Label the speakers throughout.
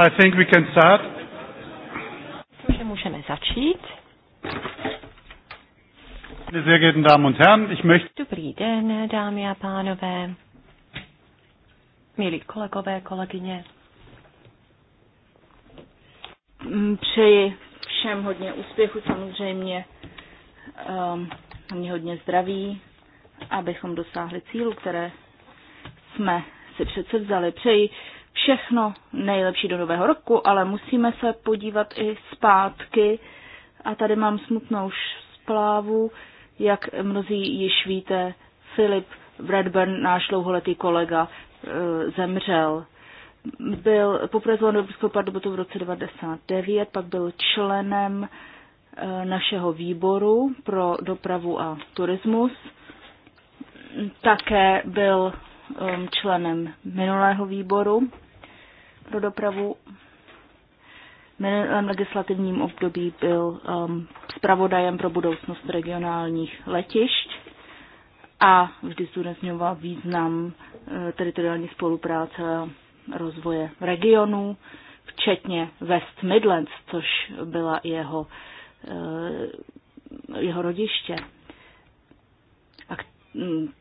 Speaker 1: I think we can start.
Speaker 2: Myslím, můžeme začít. Sehr geehrten Damen und Herren, ich möchte...
Speaker 3: Dobrý den, dámy a pánové,
Speaker 1: milí kolegové, kolegyně. Mm, přeji všem hodně úspěchu samozřejmě, um, mě hodně zdraví, abychom dosáhli cílu, které jsme si přece vzali. Přeji všechno nejlepší do nového roku, ale musíme se podívat i zpátky. A tady mám smutnou splávu, jak mnozí již víte, Filip Redburn náš dlouholetý kolega, e, zemřel. Byl poprvé do Evropského parlamentu v roce 1999, pak byl členem e, našeho výboru pro dopravu a turismus. Také byl e, členem minulého výboru pro dopravu minulém legislativním období byl um, zpravodajem pro budoucnost regionálních letišť a vždy zdůrazňoval význam uh, teritoriální spolupráce a rozvoje regionů, včetně West Midlands, což byla jeho, uh, jeho rodiště. A k,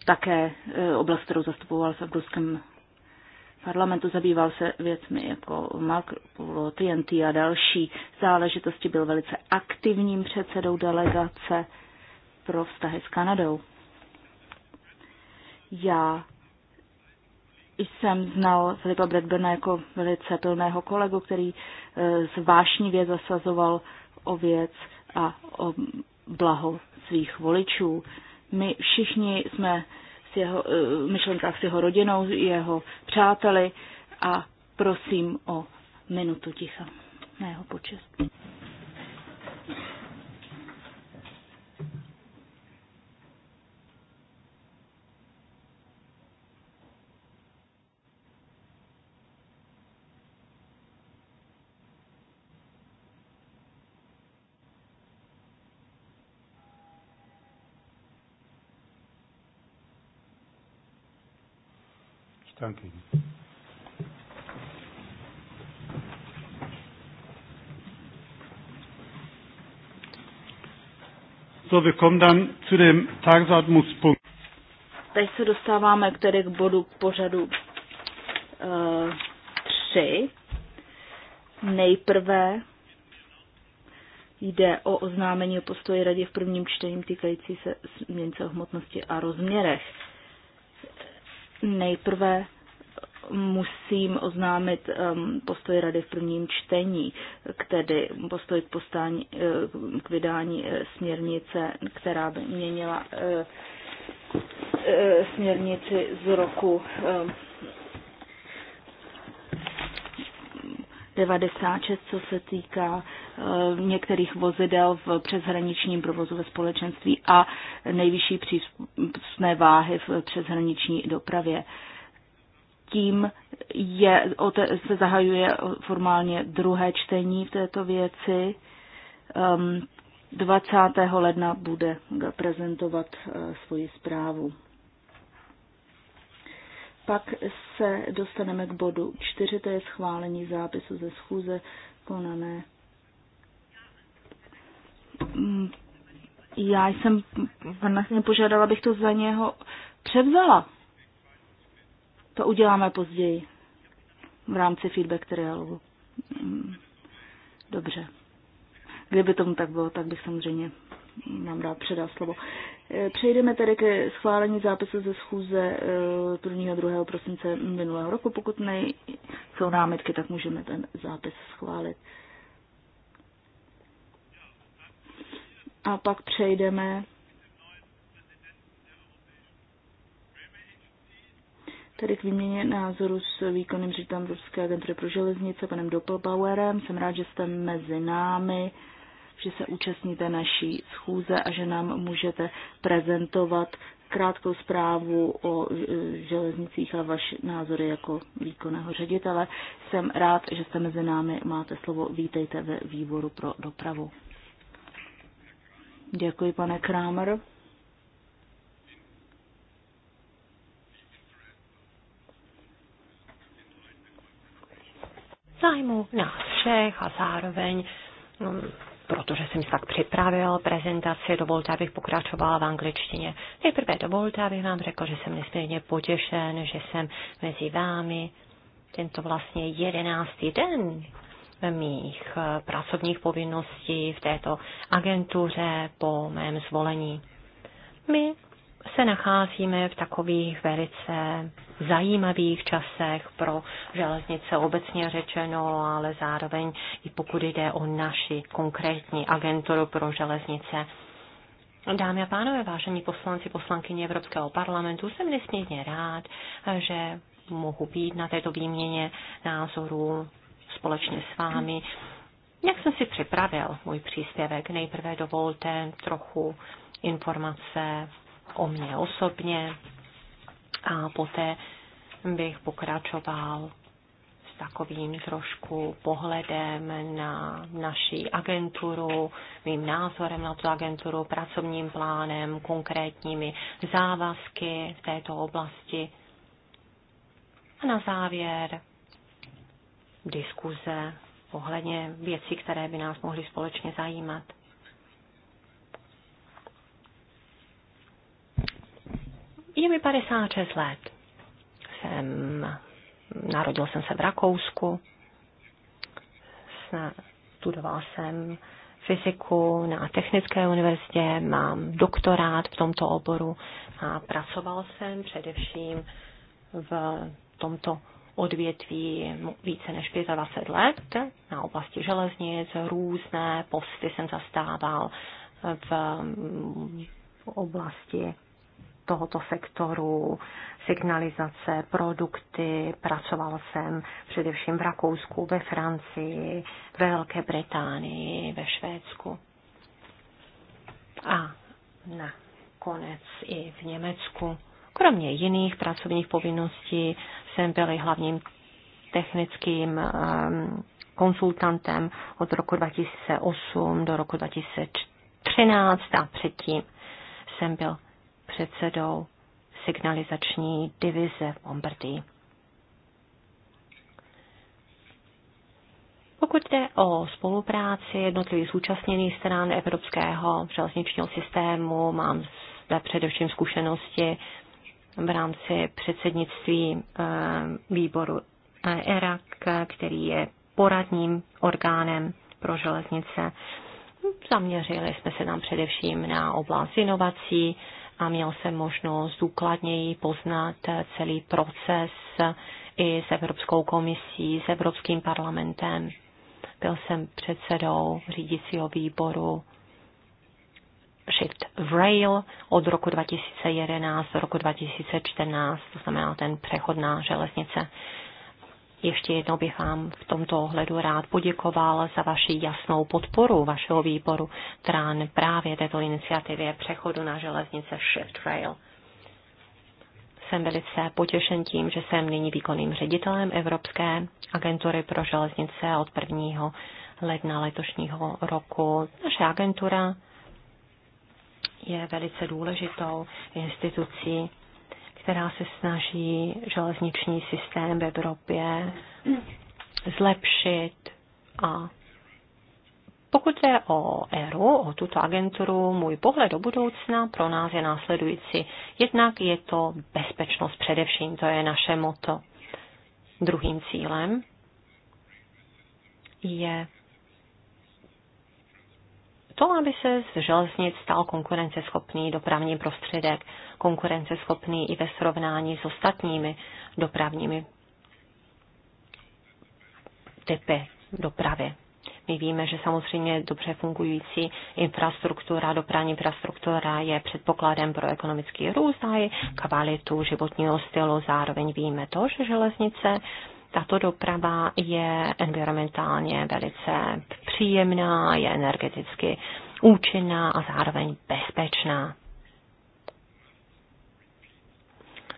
Speaker 1: také uh, oblast, kterou zastupoval v Evropském parlamentu, zabýval se věcmi jako Mark TNT a další záležitosti, byl velice aktivním předsedou delegace pro vztahy s Kanadou. Já jsem znal Filipa Bradburna jako velice plného kolegu, který eh, zvášnivě zasazoval o věc a o blaho svých voličů. My všichni jsme s jeho, eh, myšlenkách s jeho rodinou, jeho přáteli a prosím o minutu ticha na jeho počest.
Speaker 2: Danke Ihnen. So, wir kommen dann zu dem Tagesordnungspunkt.
Speaker 1: Teď se dostáváme k tedy k bodu pořadu uh, eh, 3. Nejprve jde o oznámení o postoji radě v prvním čtení týkající se změnce o hmotnosti a rozměrech. Nejprve musím oznámit um, postoj rady v prvním čtení, tedy postoj k, postání, eh, k vydání eh, směrnice, která by měnila uh, směrnici z roku um, 96, co se týká Eh, některých vozidel v přeshraničním provozu ve společenství a nejvyšší přísné váhy v přeshraniční dopravě. Tím je, se zahajuje formálně druhé čtení v této věci. 20. Ehm, ledna bude prezentovat eh, svoji zprávu. Pak se dostaneme k bodu 4, to je schválení zápisu ze schůze konané Mm, já jsem vlastně požádala, abych to za něho převzala. To uděláme později v rámci feedback trialogu. Mm, dobře. Kdyby tomu tak bylo, tak bych samozřejmě nám dá předá slovo. Eh, přejdeme tedy ke schválení zápisu ze schůze 1. Eh, a 2. prosince minulého roku. Pokud nejsou námitky, tak můžeme ten zápis schválit. a pak přejdeme tedy k výměně názoru s výkonným ředitelem Evropské agentury pro železnice, panem Doppelbauerem. Jsem rád, že jste mezi námi, že se účastníte naší schůze a že nám můžete prezentovat krátkou zprávu o e, železnicích a vaše názory jako výkonného ředitele. Jsem rád, že jste mezi námi, máte slovo, vítejte ve výboru pro dopravu. Děkuji, pane Kramer.
Speaker 3: zájmu nás všech a zároveň, no, protože jsem si tak připravil prezentaci, dovolte, abych pokračovala v angličtině. Nejprve dovolte, abych vám řekl, že jsem nesmírně potěšen, že jsem mezi vámi tento vlastně jedenáctý den mých eh, pracovních povinností v této agentuře po mém zvolení. My se nacházíme v takových velice zajímavých časech pro železnice obecně řečeno, ale zároveň i pokud jde o naši konkrétní agenturu pro železnice. Dámy a pánové, vážení poslanci, poslankyně Evropského parlamentu, jsem nesmírně rád, že mohu být na této výměně názorů společně s vámi. Jak jsem si připravil můj příspěvek? Nejprve dovolte trochu informace o mně osobně a poté bych pokračoval s takovým trošku pohledem na naši agenturu, mým názorem na tu agenturu, pracovním plánem, konkrétními závazky v této oblasti. A na závěr diskuze ohledně věcí, které by nás mohly společně zajímat. Je mi 56 let. Jsem, narodil jsem se v Rakousku. Studoval jsem fyziku na Technické univerzitě, mám doktorát v tomto oboru a pracoval jsem především v tomto odvětví více než 25 let na oblasti železnic, různé posty jsem zastával v oblasti tohoto sektoru, signalizace, produkty. Pracoval jsem především v Rakousku, ve Francii, ve Velké Británii, ve Švédsku. A na konec i v Německu. Kromě jiných pracovních povinností jsem byl hlavním technickým ehm, konsultantem od roku 2008 do roku 2013 a předtím jsem byl předsedou signalizační divize v Bombardii. Pokud jde o spolupráci jednotlivých zúčastněných stran evropského železničního systému, mám zde především zkušenosti v rámci předsednictví eh, výboru ERAK, který je poradním orgánem pro železnice. Zaměřili jsme se tam především na oblast inovací a měl jsem možnost důkladněji poznat celý proces i s Evropskou komisí, s Evropským parlamentem. Byl jsem předsedou řídícího výboru Shift v Rail od roku 2011 do roku 2014, to znamená ten přechod na železnice. Ještě jednou bych vám v tomto ohledu rád poděkoval za vaši jasnou podporu vašeho výboru která právě této iniciativě přechodu na železnice Shift Rail. Jsem velice potěšen tím, že jsem nyní výkonným ředitelem Evropské agentury pro železnice od 1. ledna letošního roku. Naše agentura je velice důležitou institucí, která se snaží železniční systém v Evropě zlepšit a pokud je o ERU, o tuto agenturu, můj pohled do budoucna pro nás je následující. Jednak je to bezpečnost především, to je naše moto. Druhým cílem je to, aby se z železnic stal konkurenceschopný dopravní prostředek, konkurenceschopný i ve srovnání s ostatními dopravními typy dopravy. My víme, že samozřejmě dobře fungující infrastruktura, dopravní infrastruktura je předpokladem pro ekonomický růst a i kvalitu životního stylu. Zároveň víme to, že železnice tato doprava je environmentálně velice příjemná, je energeticky účinná a zároveň bezpečná.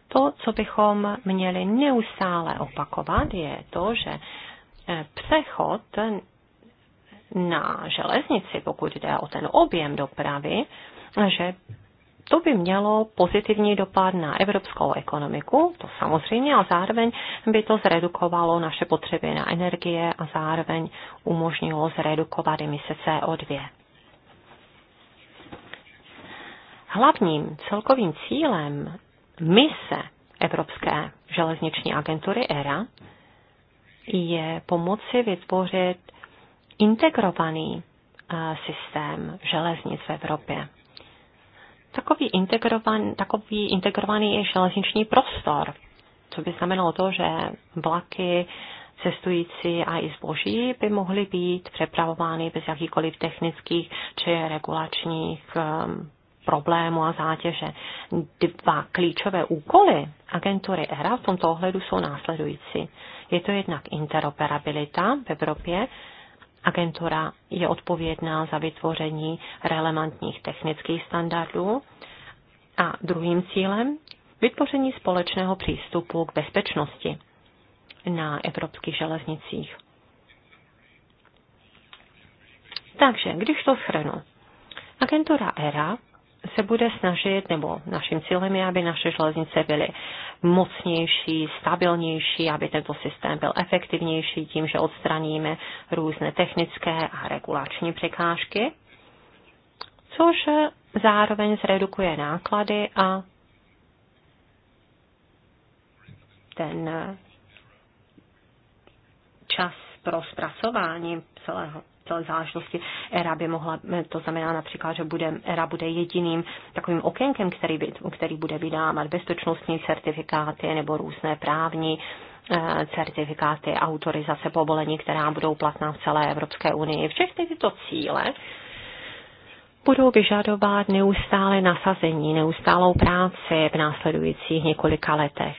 Speaker 3: To, co bychom měli neustále opakovat, je to, že eh, přechod na železnici, pokud jde o ten objem dopravy, že to by mělo pozitivní dopad na evropskou ekonomiku, to samozřejmě, a zároveň by to zredukovalo naše potřeby na energie a zároveň umožnilo zredukovat emise CO2. Hlavním celkovým cílem mise Evropské železniční agentury ERA je pomoci vytvořit integrovaný eh, systém železnic v Evropě. Takový integrovaný, takový integrovaný je železniční prostor, co by znamenalo to, že vlaky, cestující a i zboží by mohly být přepravovány bez jakýchkoliv technických či regulačních um, problémů a zátěže. Dva klíčové úkoly agentury ERA v tomto ohledu jsou následující. Je to jednak interoperabilita v Evropě, Agentura je odpovědná za vytvoření relevantních technických standardů a druhým cílem vytvoření společného přístupu k bezpečnosti na evropských železnicích. Takže, když to shrnu, agentura ERA se bude snažit, nebo naším cílem je, aby naše železnice byly mocnější, stabilnější, aby tento systém byl efektivnější tím, že odstraníme různé technické a regulační překážky, což zároveň zredukuje náklady a ten čas pro zpracování celého této záležitosti ERA by mohla, to znamená například, že bude, ERA bude jediným takovým okénkem, který, by, který bude vydávat bezpečnostní certifikáty nebo různé právní eh, certifikáty, autorizace, povolení, která budou platná v celé Evropské unii. Všechny tyto cíle budou vyžadovat neustále nasazení, neustálou práci v následujících několika letech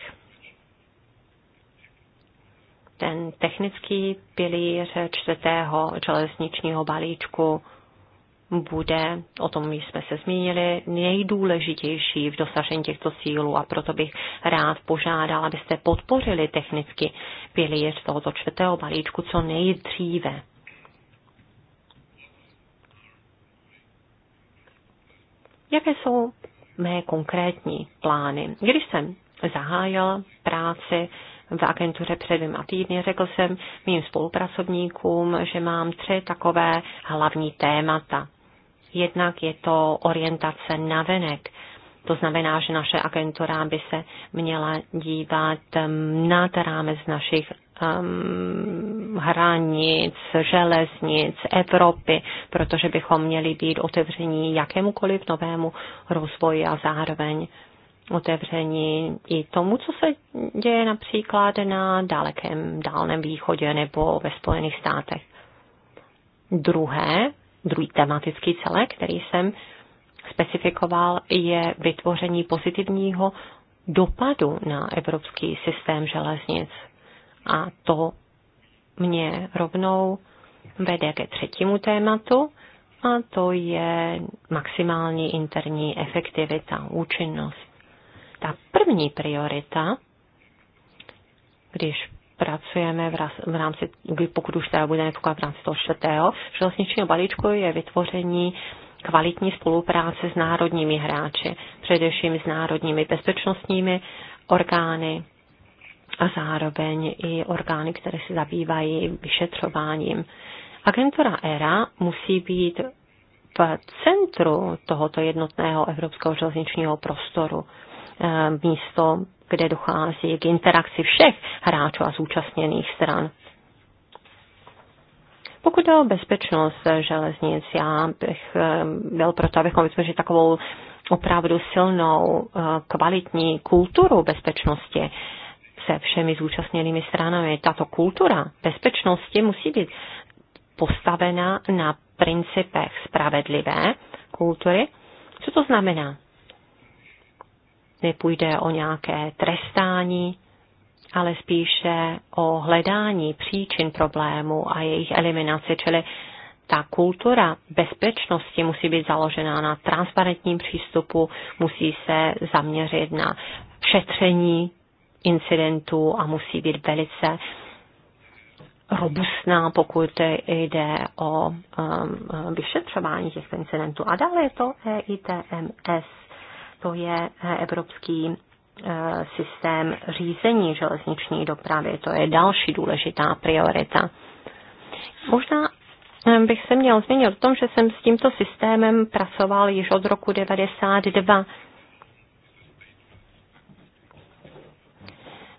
Speaker 3: ten technický pilíř čtvrtého železničního balíčku bude, o tom jsme se zmínili, nejdůležitější v dosažení těchto cílů a proto bych rád požádal, abyste podpořili technicky pilíř tohoto čtvrtého balíčku co nejdříve. Jaké jsou mé konkrétní plány? Když jsem zahájil práci v agentuře před dvěma týdny. Řekl jsem mým spolupracovníkům, že mám tři takové hlavní témata. Jednak je to orientace na venek. To znamená, že naše agentura by se měla dívat um, nad rámec našich um, hranic, železnic, Evropy, protože bychom měli být otevření jakémukoliv novému rozvoji a zároveň otevření i tomu, co se děje například na dalekém, dálném východě nebo ve Spojených státech.
Speaker 2: Druhé,
Speaker 3: druhý tematický celek, který jsem specifikoval, je vytvoření pozitivního dopadu na evropský systém železnic. A to mě rovnou vede ke třetímu tématu, a to je maximální interní efektivita, účinnost. Ta první priorita, když pracujeme v rámci, pokud už teda budeme fokovat v rámci toho čtvrtého železničního balíčku, je vytvoření kvalitní spolupráce s národními hráči, především s národními bezpečnostními orgány a zároveň i orgány, které se zabývají vyšetřováním. Agentura ERA musí být v centru tohoto jednotného evropského železničního prostoru. Eh, místo, kde dochází k interakci všech hráčů a zúčastněných stran. Pokud jde o bezpečnost železnic, já bych eh, byl proto, abychom vytvořili takovou opravdu silnou, eh, kvalitní kulturu bezpečnosti se všemi zúčastněnými stranami. Tato kultura bezpečnosti musí být postavena na principech spravedlivé kultury. Co to znamená? nepůjde o nějaké trestání, ale spíše o hledání příčin problému a jejich eliminaci, čili ta kultura bezpečnosti musí být založená na transparentním přístupu, musí se zaměřit na šetření incidentů a musí být velice robustná, pokud jde o um, vyšetřování těchto incidentů. A dále je to EITMS, to je eh, evropský eh, systém řízení železniční dopravy. To je další důležitá priorita. Možná eh, bych se měl zmínit o tom, že jsem s tímto systémem pracoval již od roku 1992.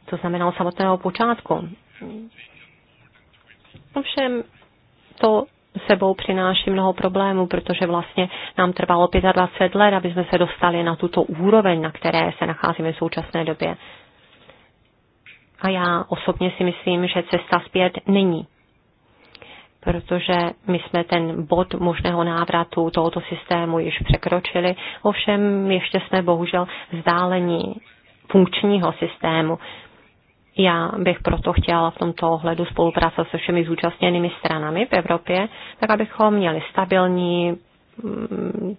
Speaker 3: To znamená od samotného počátku. Ovšem, to sebou přináší mnoho problémů, protože vlastně nám trvalo 25 let, aby jsme se dostali na tuto úroveň, na které se nacházíme v současné době. A já osobně si myslím, že cesta zpět není protože my jsme ten bod možného návratu tohoto systému již překročili, ovšem ještě jsme bohužel vzdálení funkčního systému. Já bych proto chtěla v tomto ohledu spolupráce se všemi zúčastněnými stranami v Evropě, tak abychom měli stabilní, mm,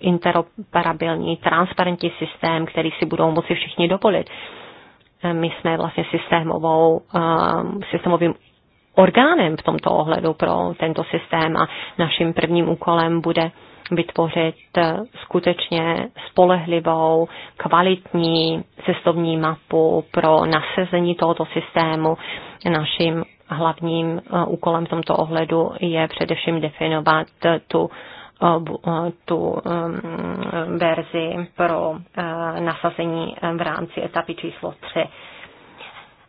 Speaker 3: interoperabilní, transparentní systém, který si budou moci všichni dovolit. My jsme vlastně systémovou, ehm, systémovým orgánem v tomto ohledu pro tento systém a naším prvním úkolem bude vytvořit eh, skutečně spolehlivou, kvalitní cestovní mapu pro nasazení tohoto systému. Naším hlavním eh, úkolem v tomto ohledu je především definovat eh, tu tu verzi pro nasazení v rámci etapy číslo 3.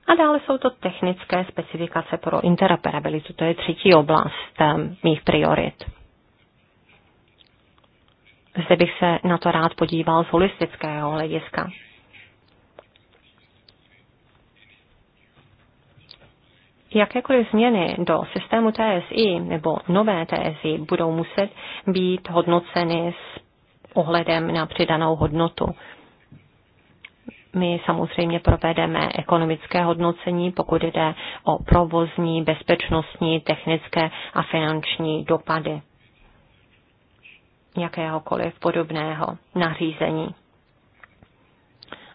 Speaker 3: A dále jsou to technické specifikace pro interoperabilitu. To je třetí oblast mých priorit. Zde bych se na to rád podíval z holistického hlediska. Jakékoliv změny do systému TSI nebo nové TSI budou muset být hodnoceny s ohledem na přidanou hodnotu. My samozřejmě provedeme ekonomické hodnocení, pokud jde o provozní, bezpečnostní, technické a finanční dopady jakéhokoliv podobného nařízení.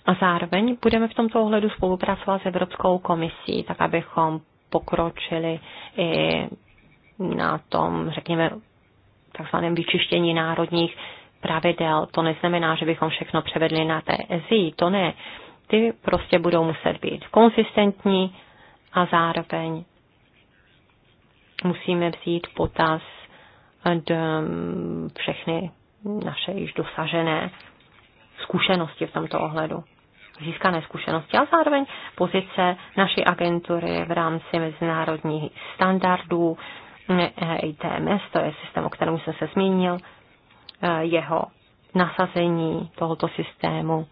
Speaker 3: A zároveň budeme v tomto ohledu spolupracovat s Evropskou komisí, tak abychom pokročili i na tom, řekněme, takzvaném vyčištění národních pravidel. To neznamená, že bychom všechno převedli na EZI, to ne. Ty prostě budou muset být konsistentní a zároveň musíme vzít potaz všechny naše již dosažené zkušenosti v tomto ohledu. Získané zkušenosti a zároveň pozice naší agentury v rámci mezinárodních standardů e ITMS, to je systém, o kterém jsem se zmínil, e, jeho nasazení tohoto systému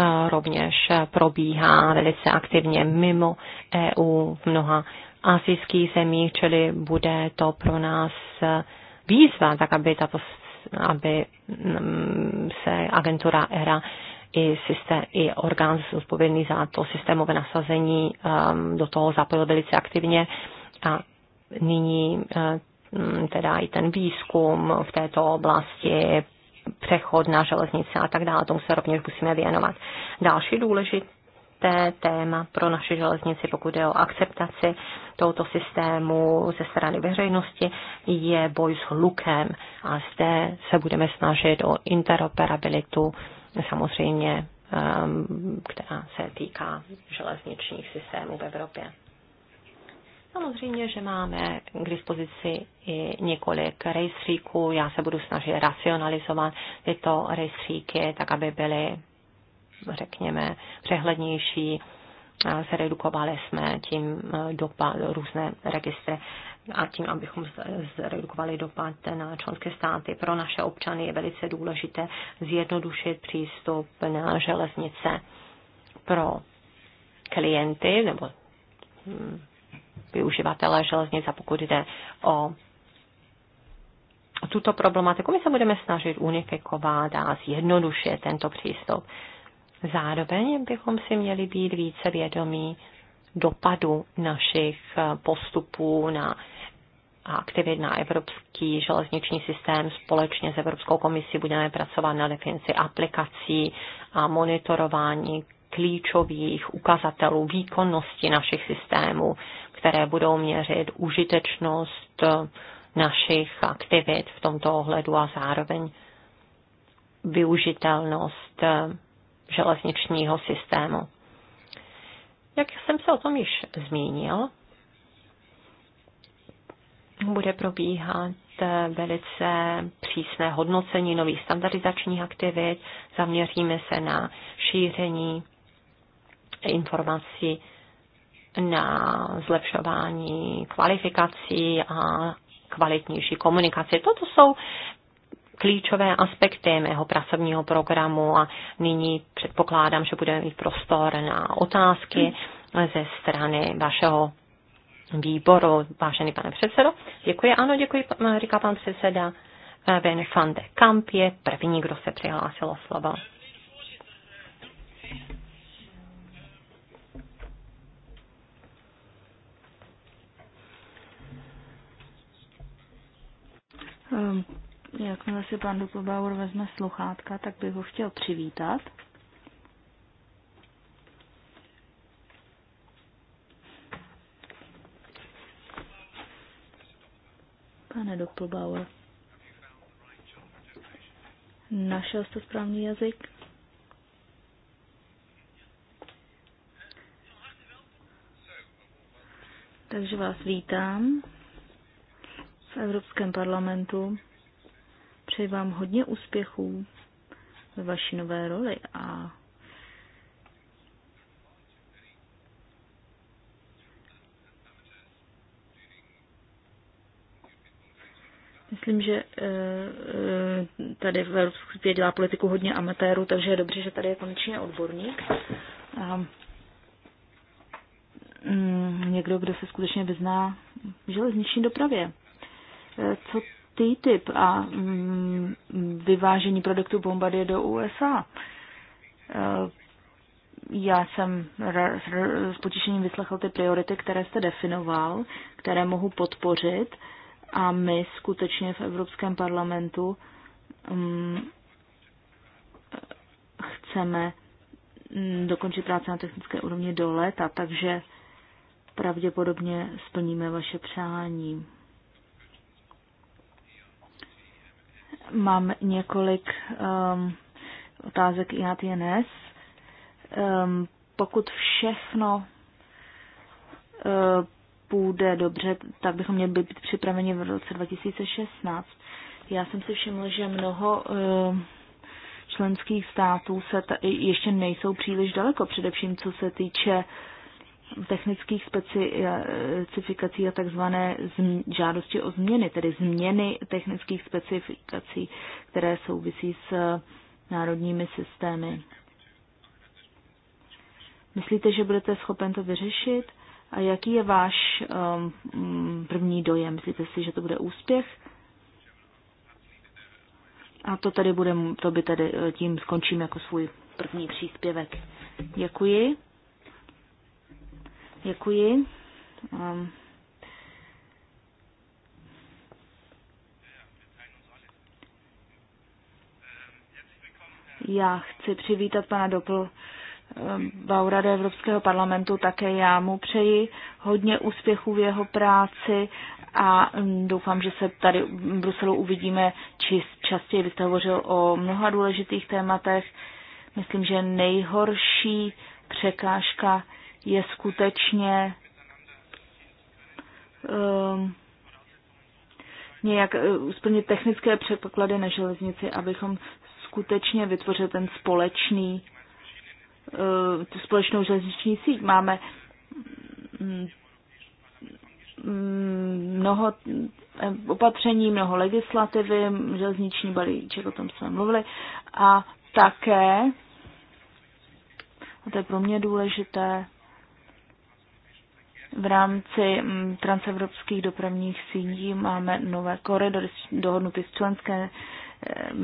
Speaker 3: e, rovněž probíhá velice aktivně mimo EU v mnoha asijských zemích, čili bude to pro nás výzva, tak aby, tato, aby mm, se agentura ERA i, systém, i orgán zodpovědný za to systémové nasazení ehm, do toho zapojil velice aktivně a nyní eh, mm, teda i ten výzkum v této oblasti, přechod na železnice a tak dále, tomu se rovněž musíme věnovat. Další důležitý důležité téma pro naše železnici, pokud je o akceptaci tohoto systému ze strany veřejnosti, je boj s hlukem. A zde se budeme snažit o interoperabilitu, samozřejmě, ehm, která se týká železničních systémů v Evropě. Samozřejmě, že máme k dispozici i několik rejstříků. Já se budu snažit racionalizovat tyto rejstříky, tak aby byly řekněme, přehlednější. Eh, redukovali jsme tím eh, dopad, různé registry a tím, abychom zredukovali dopad na členské státy. Pro naše občany je velice důležité zjednodušit přístup na železnice pro klienty nebo hm, využivatele železnice. pokud jde o tuto problematiku, my se budeme snažit unifikovat a zjednodušit tento přístup. Zároveň bychom si měli být více vědomí dopadu našich eh, postupů na aktivit na evropský železniční systém. Společně s Evropskou komisí budeme pracovat na definici aplikací a monitorování klíčových ukazatelů výkonnosti našich systémů, které budou měřit užitečnost eh, našich aktivit v tomto ohledu a zároveň využitelnost eh, železničního systému. Jak jsem se o tom již zmínil, bude probíhat velice přísné hodnocení nových standardizačních aktivit, zaměříme se na šíření informací na zlepšování kvalifikací a kvalitnější komunikaci. Toto jsou klíčové aspekty mého pracovního programu a nyní předpokládám, že budeme mít prostor na otázky ze strany vašeho výboru. Vážený pane předsedo, děkuji. Ano, děkuji, říká pan předseda. Eh, ben van de Kamp je první, kdo se přihlásil o slovo.
Speaker 1: Ehm, Jakmile si pan Doppelbauer vezme sluchátka, tak bych ho chtěl přivítat. Pane Doppelbauer, našel jste správný jazyk? Takže vás vítám v Evropském parlamentu. Přeji vám hodně úspěchů ve vaší nové roli a Myslím, že eh, eh, tady v Evropské dělá politiku hodně amatérů, takže je dobře, že tady je konečně odborník. A mm, někdo, kdo se skutečně vyzná v železniční dopravě. Eh, co TTIP a mm, vyvážení produktů Bombardier do USA. E, já jsem s potěšením vyslechl ty priority, které jste definoval, které mohu podpořit a my skutečně v Evropském parlamentu mm, chceme mm, dokončit práce na technické úrovni do léta, takže pravděpodobně splníme vaše přání. Mám několik um, otázek TNS. Um, pokud všechno uh, půjde dobře, tak bychom měli být připraveni v roce 2016. Já jsem si všiml, že mnoho uh, členských států se ta, ještě nejsou příliš daleko, především co se týče uh, technických specifikací a takzvané žádosti o změny, tedy změny technických specifikací, které souvisí s eh, národními systémy. Myslíte, že budete schopen to vyřešit? A jaký je váš um, první dojem? Myslíte si, že to bude úspěch? A to tady bude, to by tady eh, tím skončím jako svůj první příspěvek. Děkuji. Děkuji. Um, já chci přivítat pana Dopl ehm, Baura do Evropského parlamentu. Také já mu přeji hodně úspěchů v jeho práci a mm, doufám, že se tady v Bruselu uvidíme čist, častěji. Vy jste hovořil o mnoha důležitých tématech. Myslím, že nejhorší překážka je skutečně um, nějak eh, splnit technické předpoklady na železnici, abychom skutečně vytvořili ten společný, uh, tu společnou železniční síť. Máme mm, mm, mnoho eh, opatření, mnoho legislativy, železniční balíček, o tom jsme mluvili, a také, a to je pro mě důležité, v rámci mm, transevropských dopravních síní máme nové koridory dohodnuty s členskými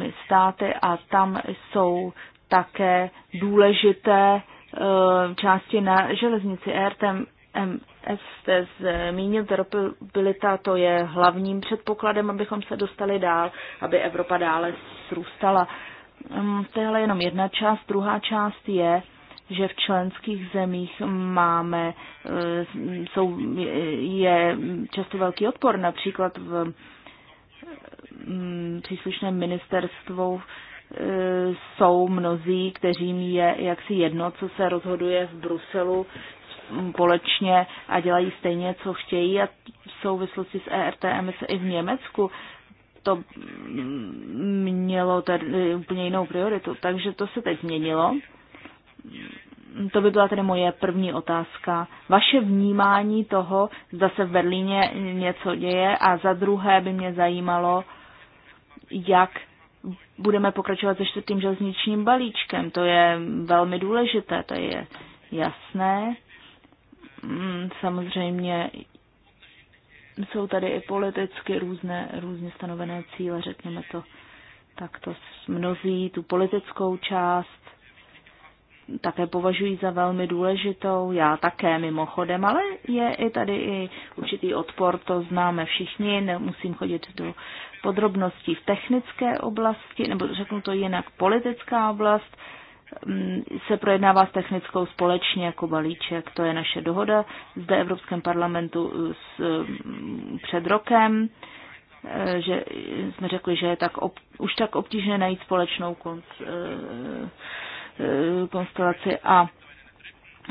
Speaker 1: eh, státy a tam jsou také důležité eh, části na železnici ERTM MS jste zmínil, teropilita, to je hlavním předpokladem, abychom se dostali dál, aby Evropa dále zrůstala. Mm, Tohle je jenom jedna část. Druhá část je že v členských zemích máme, eh, jsou, je často velký odpor, například v mm, příslušném ministerstvu eh, jsou mnozí, kteřím je jaksi jedno, co se rozhoduje v Bruselu společně a dělají stejně, co chtějí a v souvislosti s e se i v Německu to mělo tady úplně jinou prioritu. Takže to se teď změnilo to by byla tedy moje první otázka. Vaše vnímání toho, zda se v Berlíně něco děje a za druhé by mě zajímalo, jak budeme pokračovat se čtvrtým železničním balíčkem. To je velmi důležité, to je jasné. Mm, samozřejmě jsou tady i politicky různé, různě stanovené cíle, řekněme to takto. Mnozí tu politickou část také považují za velmi důležitou, já také mimochodem, ale je i tady i určitý odpor, to známe všichni, nemusím chodit do podrobností v technické oblasti, nebo řeknu to jinak, politická oblast mm, se projednává s technickou společně jako balíček. To je naše dohoda zde Evropském parlamentu s, mm, před rokem, e, že jsme řekli, že je tak ob, už tak obtížné najít společnou konc, e, Eh, konstelaci a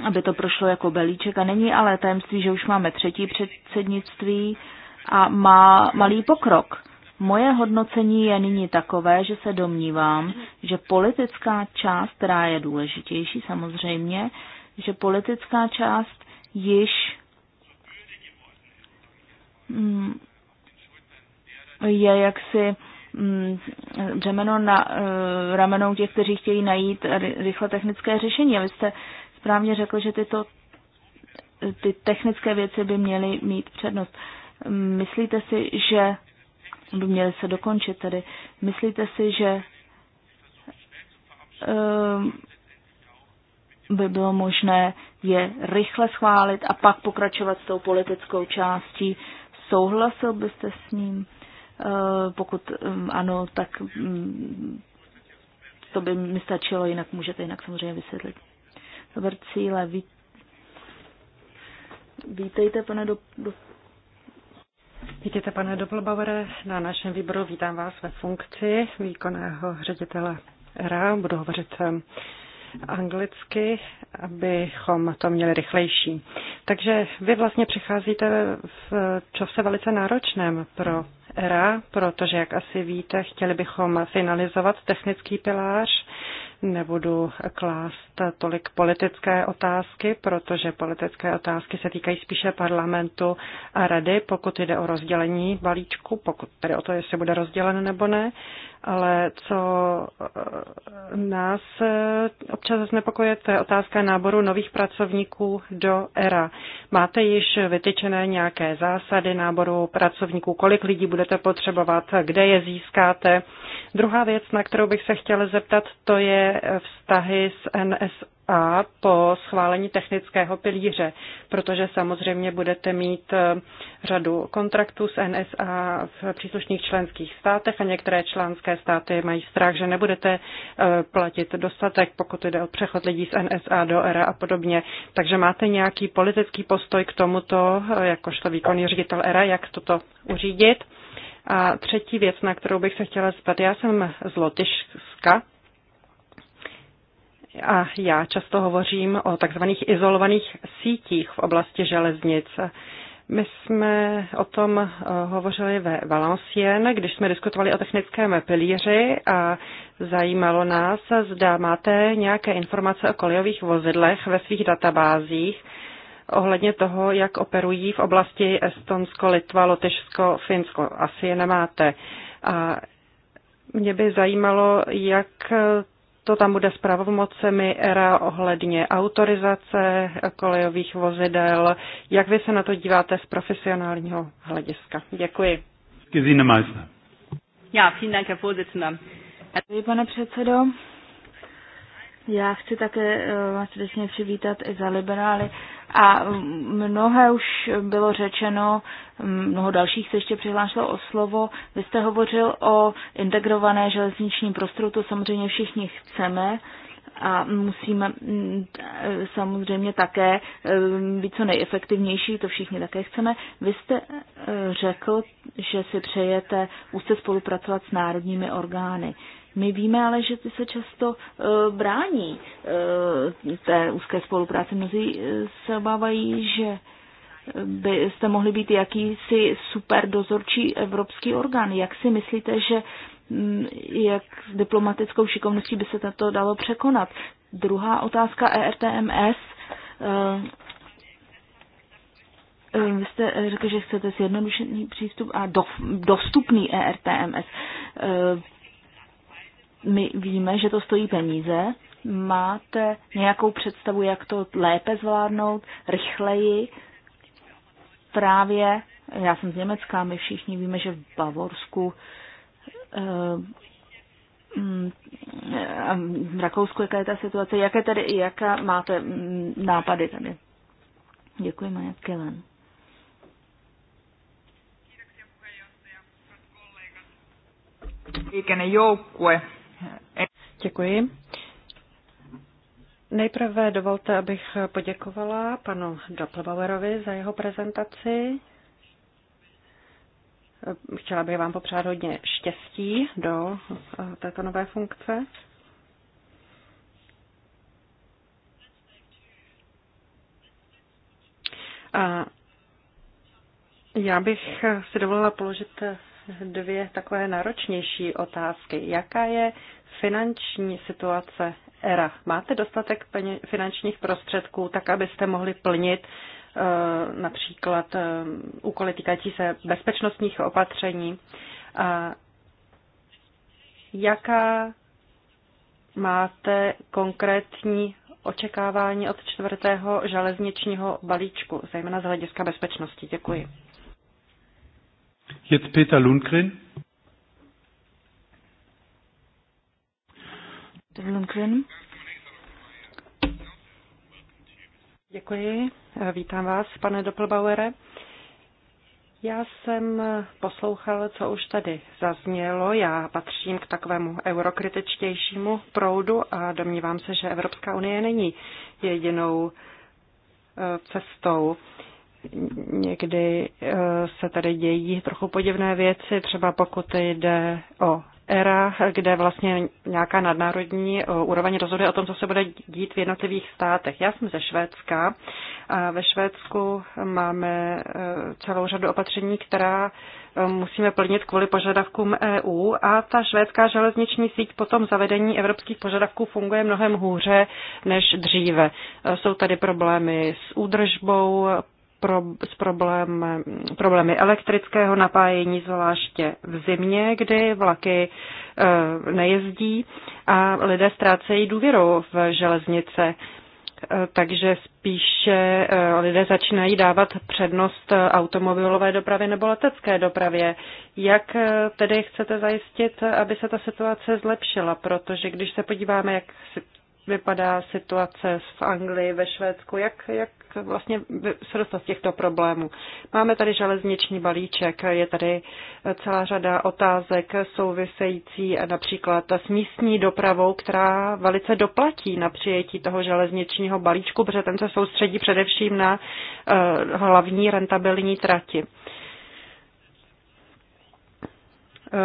Speaker 1: aby to prošlo jako belíček. A není ale tajemství, že už máme třetí předsednictví a má malý pokrok. Moje hodnocení je nyní takové, že se domnívám, že politická část, která je důležitější samozřejmě, že politická část již mm, je jaksi Mm, břemeno na eh, ramenou těch, kteří chtějí najít rychle technické řešení. A vy jste správně řekl, že tyto, ty technické věci by měly mít přednost. Myslíte si, že by měly se dokončit tedy. Myslíte si, že eh, by bylo možné je rychle schválit a pak pokračovat s tou politickou částí. Souhlasil byste s ním? Eh, pokud mm, ano, tak mm, to by mi stačilo, jinak můžete jinak samozřejmě vysvětlit. Dobr Cíle, ví... vítejte,
Speaker 2: pane do... do... Vítejte, pane Doblbavere, na našem výboru vítám vás ve funkci výkonného ředitele RA. Budu hovořit ehm, anglicky, abychom to měli rychlejší. Takže vy vlastně přicházíte v čase velice náročném pro ERA, protože, jak asi víte, chtěli bychom finalizovat technický pilář. Nebudu klást tolik politické otázky, protože politické otázky se týkají spíše parlamentu a rady, pokud jde o rozdělení balíčku, pokud tedy o to, jestli bude rozdělen nebo ne ale co eh, nás eh, občas znepokojuje, to je otázka náboru nových pracovníků do ERA. Máte již vytyčené nějaké zásady náboru pracovníků, kolik lidí budete potřebovat, kde je získáte? Druhá věc, na kterou bych se chtěla zeptat, to je eh, vztahy s NS a po schválení technického pilíře, protože samozřejmě budete mít eh, řadu kontraktů s NSA v příslušných členských státech a některé členské státy mají strach, že nebudete eh, platit dostatek, pokud jde o přechod lidí z NSA do ERA a podobně. Takže máte nějaký politický postoj k tomuto, eh, jakožto výkonný ředitel ERA, jak toto uřídit? A třetí věc, na kterou bych se chtěla zeptat, já jsem z Lotyšska, a já často hovořím o takzvaných izolovaných sítích v oblasti železnic. My jsme o tom eh, hovořili ve Valenciennes, když jsme diskutovali o technickém pilíři a zajímalo nás, zda máte nějaké informace o kolejových vozidlech ve svých databázích ohledně toho, jak operují v oblasti Estonsko, Litva, Lotyšsko, Finsko. Asi je nemáte. A mě by zajímalo, jak to tam bude s pravomocemi ERA ohledně autorizace kolejových vozidel. Jak vy se na to díváte z profesionálního hlediska? Děkuji.
Speaker 1: Já, vielen Dank, Herr Vorsitzender. Děkuji, pane předsedo. Já chci také eh, vás srdečně přivítat i za liberály. A mnohé už bylo řečeno, mnoho dalších se ještě přihlásilo o slovo. Vy jste hovořil o integrované železniční prostoru, to samozřejmě všichni chceme a musíme eh, samozřejmě také eh, být co nejefektivnější, to všichni také chceme. Vy jste řekl, že si přejete úzce spolupracovat s národními orgány. My víme ale, že ty se často e, brání e, té úzké spolupráce. Mnozí e, se obávají, že byste mohli být jakýsi super dozorčí evropský orgán. Jak si myslíte, že jak s diplomatickou šikovností by se tato dalo překonat? Druhá otázka ERTMS. E, e, vy jste řekl, že chcete zjednodušený přístup a dostupný ERTMS. E, my víme, že to stojí peníze. Máte nějakou představu, jak to lépe zvládnout, rychleji? Právě, já jsem z Německa, my všichni víme, že v Bavorsku eh, mm, eh, v Rakousku, jaká je ta situace, jaké tady, jaká máte mm, nápady tady. Děkuji, Maja Kelen.
Speaker 2: Liikennejoukkue Děkuji. Nejprve dovolte, abych poděkovala panu Doppelbauerovi za jeho prezentaci. Chtěla bych vám popřát hodně štěstí do eh, této nové funkce. A já bych si dovolila položit dvě takové náročnější otázky. Jaká je finanční situace ERA? Máte dostatek finančních prostředků, tak abyste mohli plnit eh, například eh, úkoly týkající se bezpečnostních opatření? A jaká máte konkrétní očekávání od čtvrtého železničního balíčku, zejména z hlediska
Speaker 1: bezpečnosti? Děkuji.
Speaker 2: Jetzt Peter Lundgren.
Speaker 1: Peter Lundgren.
Speaker 2: Děkuji. Vítám vás, pane Doppelbauere. Já jsem poslouchal, co už tady zaznělo. Já patřím k takovému eurokritičtějšímu proudu a domnívám se, že Evropská unie není jedinou eh, cestou. Někdy eh, se tady dějí trochu podivné věci, třeba pokud jde o era, kde vlastně nějaká nadnárodní eh, úroveň rozhoduje o tom, co se bude dít v jednotlivých státech. Já jsem ze Švédska a ve Švédsku máme eh, celou řadu opatření, která musíme plnit kvůli požadavkům EU a ta švédská železniční síť po tom zavedení evropských požadavků funguje mnohem hůře než dříve. Jsou tady problémy s údržbou, pro, s problém, problémy elektrického napájení, zvláště v zimě, kdy vlaky e, nejezdí a lidé ztrácejí důvěru v železnice. E, takže spíše e, lidé začínají dávat přednost automobilové dopravě nebo letecké dopravě. Jak e, tedy chcete zajistit, aby se ta situace zlepšila? Protože když se podíváme, jak vypadá situace v Anglii, ve Švédsku, jak, jak vlastně se dostat z těchto problémů. Máme tady železniční balíček, je tady celá řada otázek související například s místní dopravou, která velice doplatí na přijetí toho železničního balíčku, protože ten se soustředí především na eh, hlavní rentabilní trati.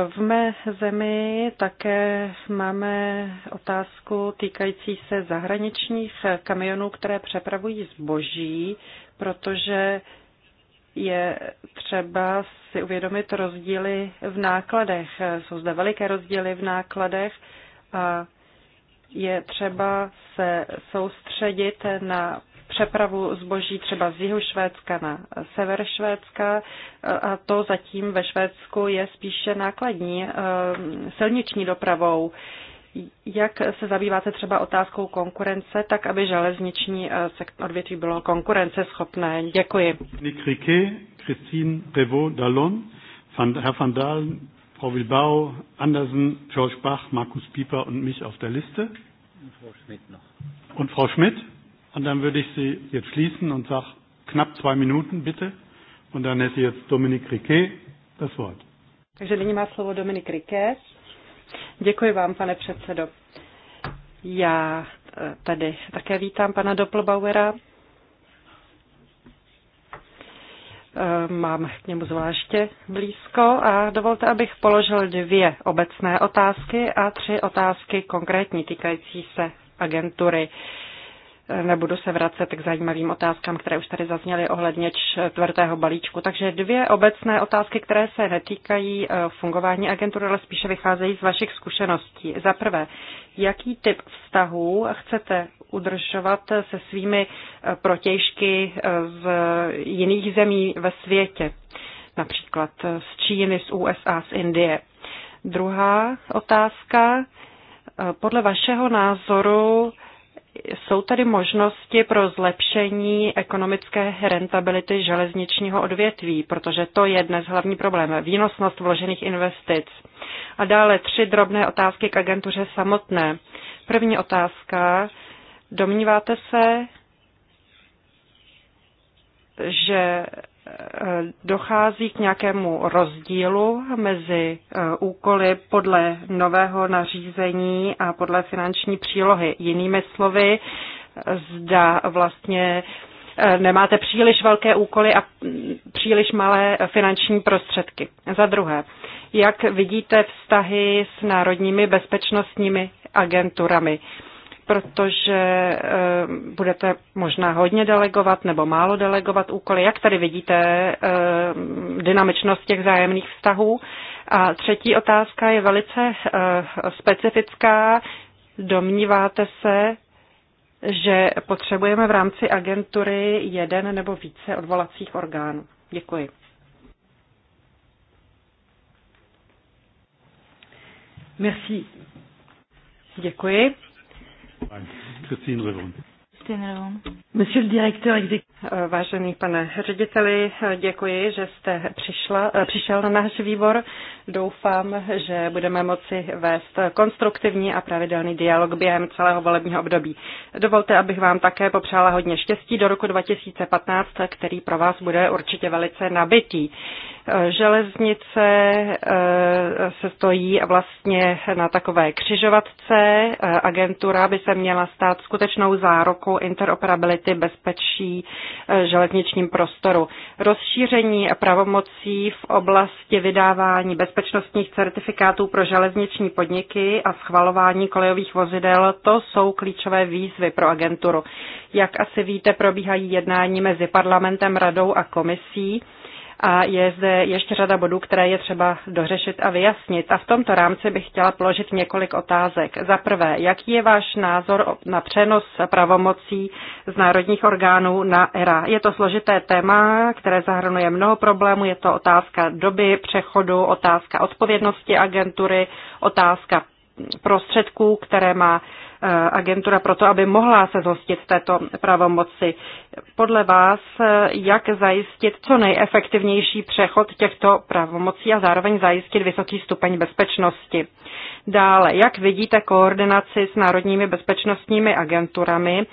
Speaker 2: V mé zemi také máme otázku týkající se zahraničních kamionů, které přepravují zboží, protože je třeba si uvědomit rozdíly v nákladech. Jsou zde veliké rozdíly v nákladech a je třeba se soustředit na přepravu zboží třeba z jihu Švédska na sever Švédska a to zatím ve Švédsku je spíše nákladní eh, silniční dopravou. Jak se zabýváte třeba otázkou konkurence, tak aby železniční eh, odvětví bylo konkurenceschopné? Děkuji. Nick Christine Revaux Dallon, Herr van Dalen, Frau Wilbau, Andersen, George Bach, Markus Pieper und mich auf der Liste.
Speaker 1: Und Frau Schmidt noch.
Speaker 2: Und Frau Schmidt? Und dann würde ich Sie jetzt schließen und sage knapp zwei Minuten bitte. Und dann hätte jetzt Dominik Riquet das Wort. Takže nyní má slovo Dominik Riquet. Děkuji vám, pane předsedo. Já e, tady také vítám pana Doppelbauera. E, mám k němu zvláště blízko a dovolte, abych položil dvě obecné otázky a tři otázky konkrétní týkající se agentury. Uh, Nebudu se vracet k zajímavým otázkám, které už tady zazněly ohledně čtvrtého balíčku. Takže dvě obecné otázky, které se netýkají eh, fungování agentury, ale spíše vycházejí z vašich zkušeností. Za prvé, jaký typ vztahů chcete udržovat se svými eh, protějšky eh, z jiných zemí ve světě, například z Číny, z USA, z Indie? Druhá otázka, podle vašeho názoru, jsou tady možnosti pro zlepšení ekonomické rentability železničního odvětví, protože to je dnes hlavní problém, výnosnost vložených investic. A dále tři drobné otázky k agentuře samotné. První otázka. Domníváte se, že dochází k nějakému rozdílu mezi eh, úkoly podle nového nařízení a podle finanční přílohy. Jinými slovy, zda vlastně eh, nemáte příliš velké úkoly a mm, příliš malé finanční prostředky. Za druhé, jak vidíte vztahy s národními bezpečnostními agenturami? protože eh, budete možná hodně delegovat nebo málo delegovat úkoly. Jak tady vidíte eh, dynamičnost těch zájemných vztahů? A třetí otázka je velice eh, specifická. Domníváte se, že potřebujeme v rámci agentury jeden nebo více odvolacích orgánů? Děkuji. Merci. Děkuji. Christine Revon. Monsieur le directeur eh, Vážený pane řediteli, eh, děkuji, že jste přišla, eh, přišel na náš výbor. Doufám, že budeme moci vést konstruktivní a pravidelný dialog během celého volebního období. Dovolte, abych vám také popřála hodně štěstí do roku 2015, který pro vás bude určitě velice nabitý. Eh, železnice eh, se stojí vlastně na takové křižovatce. Eh, agentura by se měla stát skutečnou zárokou interoperability bezpečí železničním prostoru. Rozšíření pravomocí v oblasti vydávání bezpečnostních certifikátů pro železniční podniky a schvalování kolejových vozidel, to jsou klíčové výzvy pro agenturu. Jak asi víte, probíhají jednání mezi parlamentem, radou a komisí a je zde ještě řada bodů, které je třeba dořešit a vyjasnit. A v tomto rámci bych chtěla položit několik otázek. Za prvé, jaký je váš názor na přenos pravomocí z národních orgánů na ERA? Je to složité téma, které zahrnuje mnoho problémů. Je to otázka doby přechodu, otázka odpovědnosti agentury, otázka prostředků, které má Eh, agentura proto, aby mohla se zhostit této pravomoci. Podle vás, eh, jak zajistit co nejefektivnější přechod těchto pravomocí a zároveň zajistit vysoký stupeň bezpečnosti? Dále, jak vidíte koordinaci s národními bezpečnostními agenturami,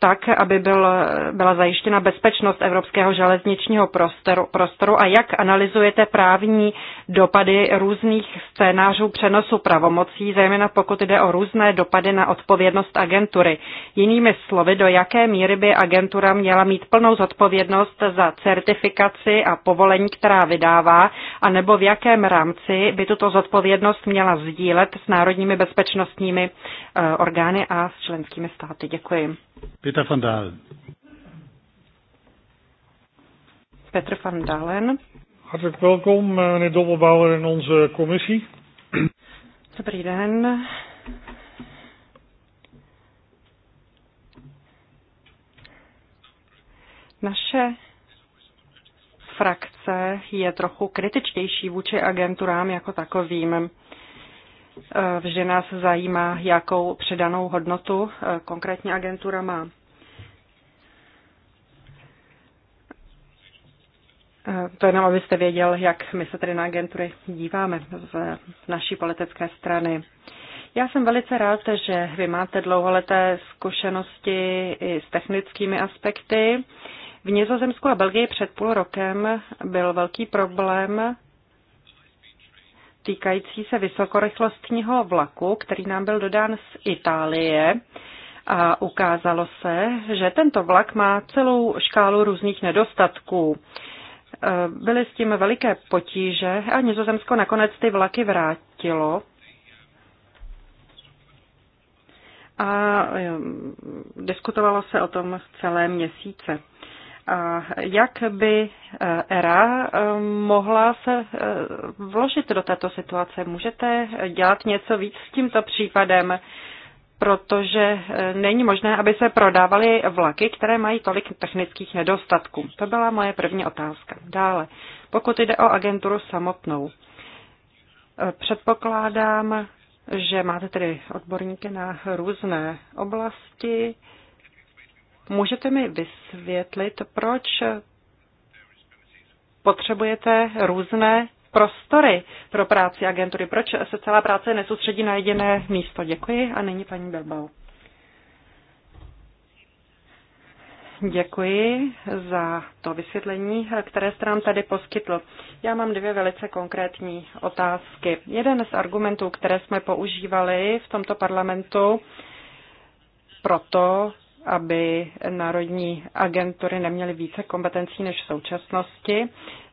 Speaker 2: tak, aby byl, byla zajištěna bezpečnost evropského železničního prostoru, prostoru a jak analyzujete právní dopady různých scénářů přenosu pravomocí, zejména pokud jde o různé dopady na odpovědnost agentury. Jinými slovy, do jaké míry by agentura měla mít plnou zodpovědnost za certifikaci a povolení, která vydává, anebo v jakém rámci by tuto zodpovědnost měla sdílet s národními bezpečnostními eh, orgány a s členskými státy. Děkuji. Petr van Dalen. Petr van Dalen. Hartelijk welkom, meneer Dobbelbouwer, in onze commissie. Dobrý den. Naše frakce je trochu kritičtější vůči agenturám jako takovým. Vždy nás zajímá, jakou předanou hodnotu eh, konkrétní agentura má. Eh, to jenom, abyste věděl, jak my se tedy na agentury díváme z naší politické strany. Já jsem velice rád, že vy máte dlouholeté zkušenosti i s technickými aspekty. V Nizozemsku a Belgii před půl rokem byl velký problém týkající se vysokorychlostního vlaku, který nám byl dodán z Itálie. A ukázalo se, že tento vlak má celou škálu různých nedostatků. Eh, byly s tím veliké potíže a Nizozemsko nakonec ty vlaky vrátilo. A eh, diskutovalo se o tom celé měsíce. A jak by eh, ERA mohla se vložit do této situace? Můžete dělat něco víc s tímto případem? protože e, není možné, aby se prodávaly vlaky, které mají tolik technických nedostatků. To byla moje první otázka. Dále, pokud jde o agenturu samotnou, e, předpokládám, že máte tedy odborníky na různé oblasti. Můžete mi vysvětlit, proč potřebujete různé prostory pro práci agentury. Proč se celá práce nesoustředí na jediné místo? Děkuji a nyní paní Bilbao. Děkuji za to vysvětlení, které jste nám tady poskytl. Já mám dvě velice konkrétní otázky. Jeden z argumentů, které jsme používali v tomto parlamentu proto, aby národní agentury neměly více kompetencí než v současnosti,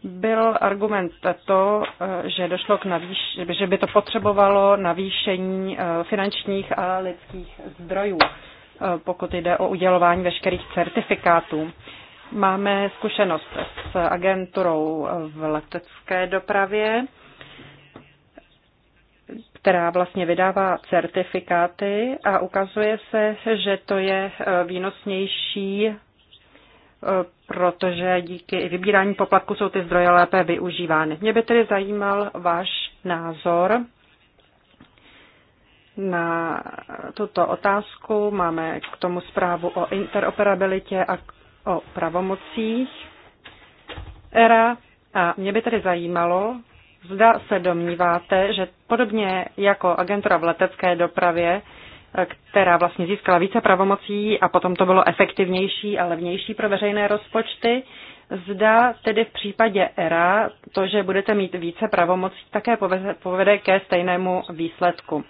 Speaker 2: byl argument to, eh, že, došlo k navýš- že by to potřebovalo navýšení eh, finančních a lidských zdrojů, eh, pokud jde o udělování veškerých certifikátů. Máme zkušenost s agenturou v letecké dopravě, která vlastně vydává certifikáty a ukazuje se, že to je výnosnější protože díky vybírání poplatku jsou ty zdroje lépe využívány. Mě by tedy zajímal váš názor na tuto otázku. Máme k tomu zprávu o interoperabilitě a o pravomocích ERA. A mě by tedy zajímalo, zda se domníváte, že podobně jako agentura v letecké dopravě, která vlastně získala více pravomocí a potom to bylo efektivnější a levnější pro veřejné rozpočty. Zda tedy v případě ERA to, že budete mít více pravomocí, také povede ke stejnému výsledku.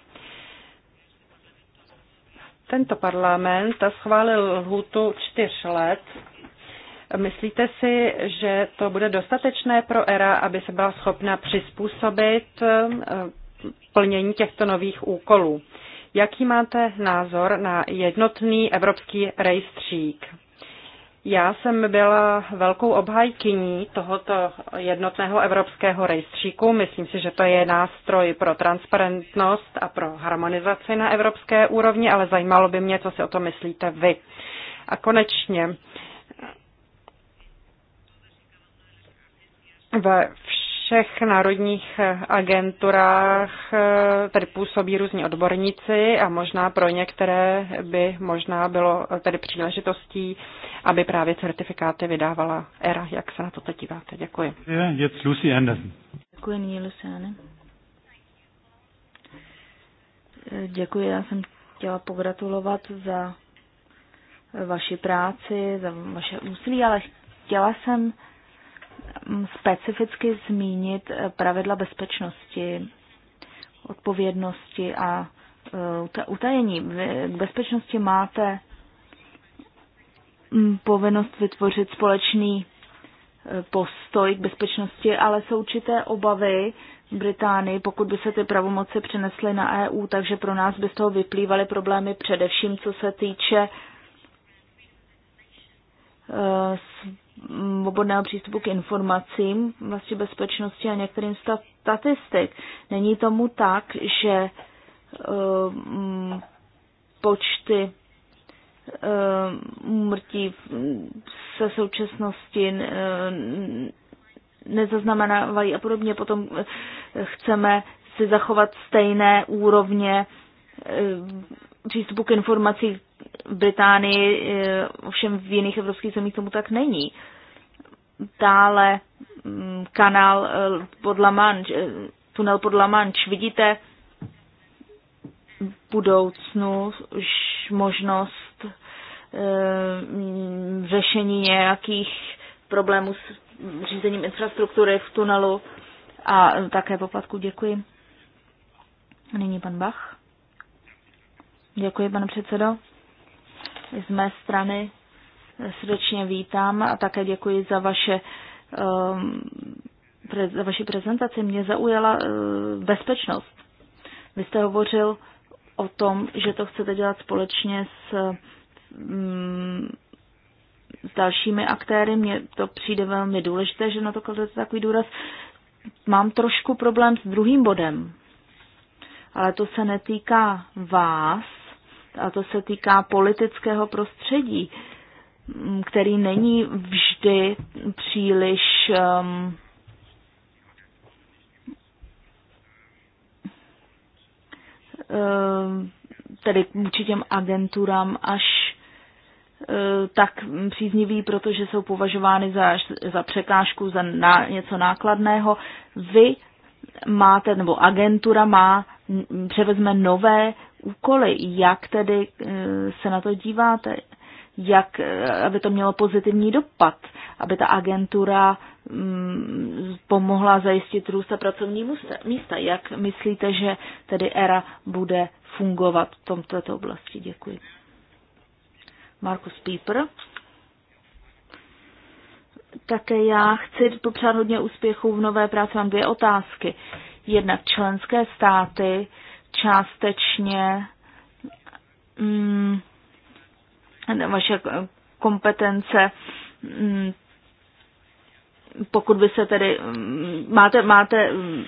Speaker 2: Tento parlament schválil lhůtu čtyř let. Myslíte si, že to bude dostatečné pro ERA, aby se byla schopna přizpůsobit eh, plnění těchto nových úkolů? Jaký máte názor na jednotný evropský rejstřík? Já jsem byla velkou obhajkyní tohoto jednotného evropského rejstříku. Myslím si, že to je nástroj pro transparentnost a pro harmonizaci na evropské úrovni, ale zajímalo by mě, co si o to myslíte vy. A konečně ve všech národních eh, agenturách eh, tady působí různí odborníci a možná pro některé by možná bylo eh, tady příležitostí, aby právě certifikáty vydávala ERA. Jak se na to teď díváte? Děkuji. Jetzt Lucy Anderson.
Speaker 1: Děkuji, nyní Luciane. Děkuji, já jsem chtěla pogratulovat za vaši práci, za vaše úsilí, ale chtěla jsem specificky zmínit eh, pravidla bezpečnosti, odpovědnosti a eh, utajení. Vy k bezpečnosti máte mm, povinnost vytvořit společný eh, postoj k bezpečnosti, ale jsou určité obavy Británii, pokud by se ty pravomoci přenesly na EU, takže pro nás by z toho vyplývaly problémy především, co se týče svobodného přístupu k informacím vlastně bezpečnosti a některým statistik. Není tomu tak, že eh, počty eh, úmrtí se současnosti eh, nezaznamenávají a podobně. Potom chceme si zachovat stejné úrovně přístupu k informacím. Británii, eh, ovšem v jiných evropských zemích tomu tak není. Dále mm, kanál eh, pod La Manche, eh, tunel pod La Manche. Vidíte budoucnu už možnost mm, řešení nějakých problémů s řízením infrastruktury v tunelu a také poplatku. Děkuji. Nyní pan Bach. Děkuji, pane předsedo z mé strany srdečně vítám a také děkuji za vaše um, za vaši prezentaci. Mě zaujala uh, bezpečnost. Vy jste hovořil o tom, že to chcete dělat společně s, mm, s dalšími aktéry. Mně to přijde velmi důležité, že na to kladete takový důraz. Mám trošku problém s druhým bodem, ale to se netýká vás, a to se týká politického prostředí, mm, který není vždy příliš um, um, tedy vůči těm agenturám až uh, tak příznivý, protože jsou považovány za, za překážku, za na, něco nákladného. Vy máte, nebo agentura má, převezme nové úkoly. Jak tedy eh, se na to díváte? Jak, eh, aby to mělo pozitivní dopad, aby ta agentura mm, pomohla zajistit růst a pracovní místa. Jak myslíte, že tedy ERA bude fungovat v tomto oblasti? Děkuji. Markus Pieper. Také já chci popřát hodně úspěchů v nové práci. Mám dvě otázky. Jednak členské státy částečně mm, vaše kompetence, mm, pokud by se tedy, mm, máte, máte mm,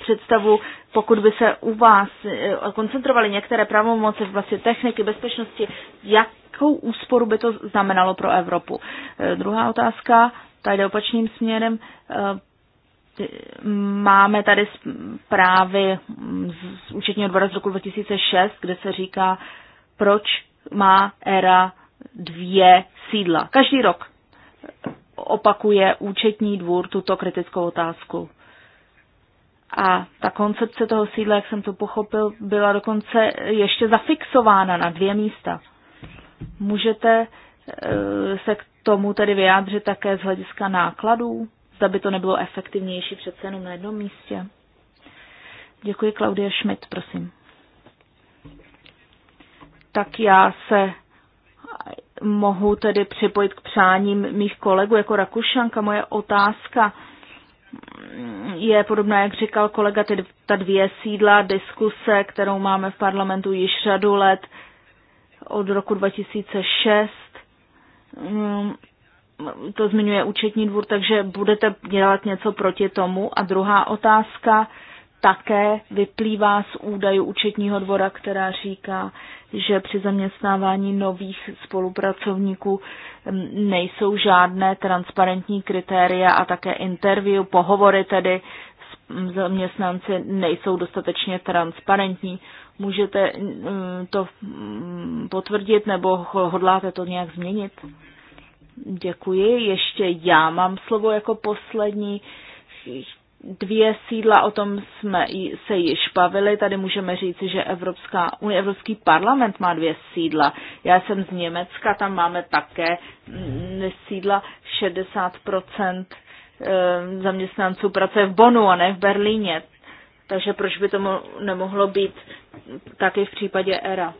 Speaker 1: představu, pokud by se u vás eh, koncentrovaly některé pravomoci v vlastně techniky, bezpečnosti, jakou úsporu by to znamenalo pro Evropu? Eh, druhá otázka, tady opačným směrem, eh, máme tady zprávy z účetního odboru z roku 2006, kde se říká, proč má ERA dvě sídla. Každý rok opakuje účetní dvůr tuto kritickou otázku. A ta koncepce toho sídla, jak jsem to pochopil, byla dokonce ještě zafixována na dvě místa. Můžete eh, se k tomu tedy vyjádřit také z hlediska nákladů? zda by to nebylo efektivnější přece jenom na jednom místě. Děkuji, Klaudia Schmidt, prosím. Tak já se mohu tedy připojit k přáním mých kolegů jako Rakušanka. Moje otázka je podobná, jak říkal kolega, tedy ta dvě sídla diskuse, kterou máme v parlamentu již řadu let od roku 2006 to zmiňuje účetní dvůr, takže budete dělat něco proti tomu. A druhá otázka také vyplývá z údajů účetního dvora, která říká, že při zaměstnávání nových spolupracovníků mm, nejsou žádné transparentní kritéria a také interview, pohovory tedy s mm, zaměstnanci nejsou dostatečně transparentní. Můžete mm, to potvrdit nebo hodláte to nějak změnit? Děkuji. Ještě já mám slovo jako poslední. Dvě sídla, o tom jsme se již bavili. Tady můžeme říci, že Evropská, Evropský parlament má dvě sídla. Já jsem z Německa, tam máme také mm, sídla 60 eh, zaměstnanců pracuje v Bonu a ne v Berlíně. Takže proč by to nemohlo být taky v případě ERA?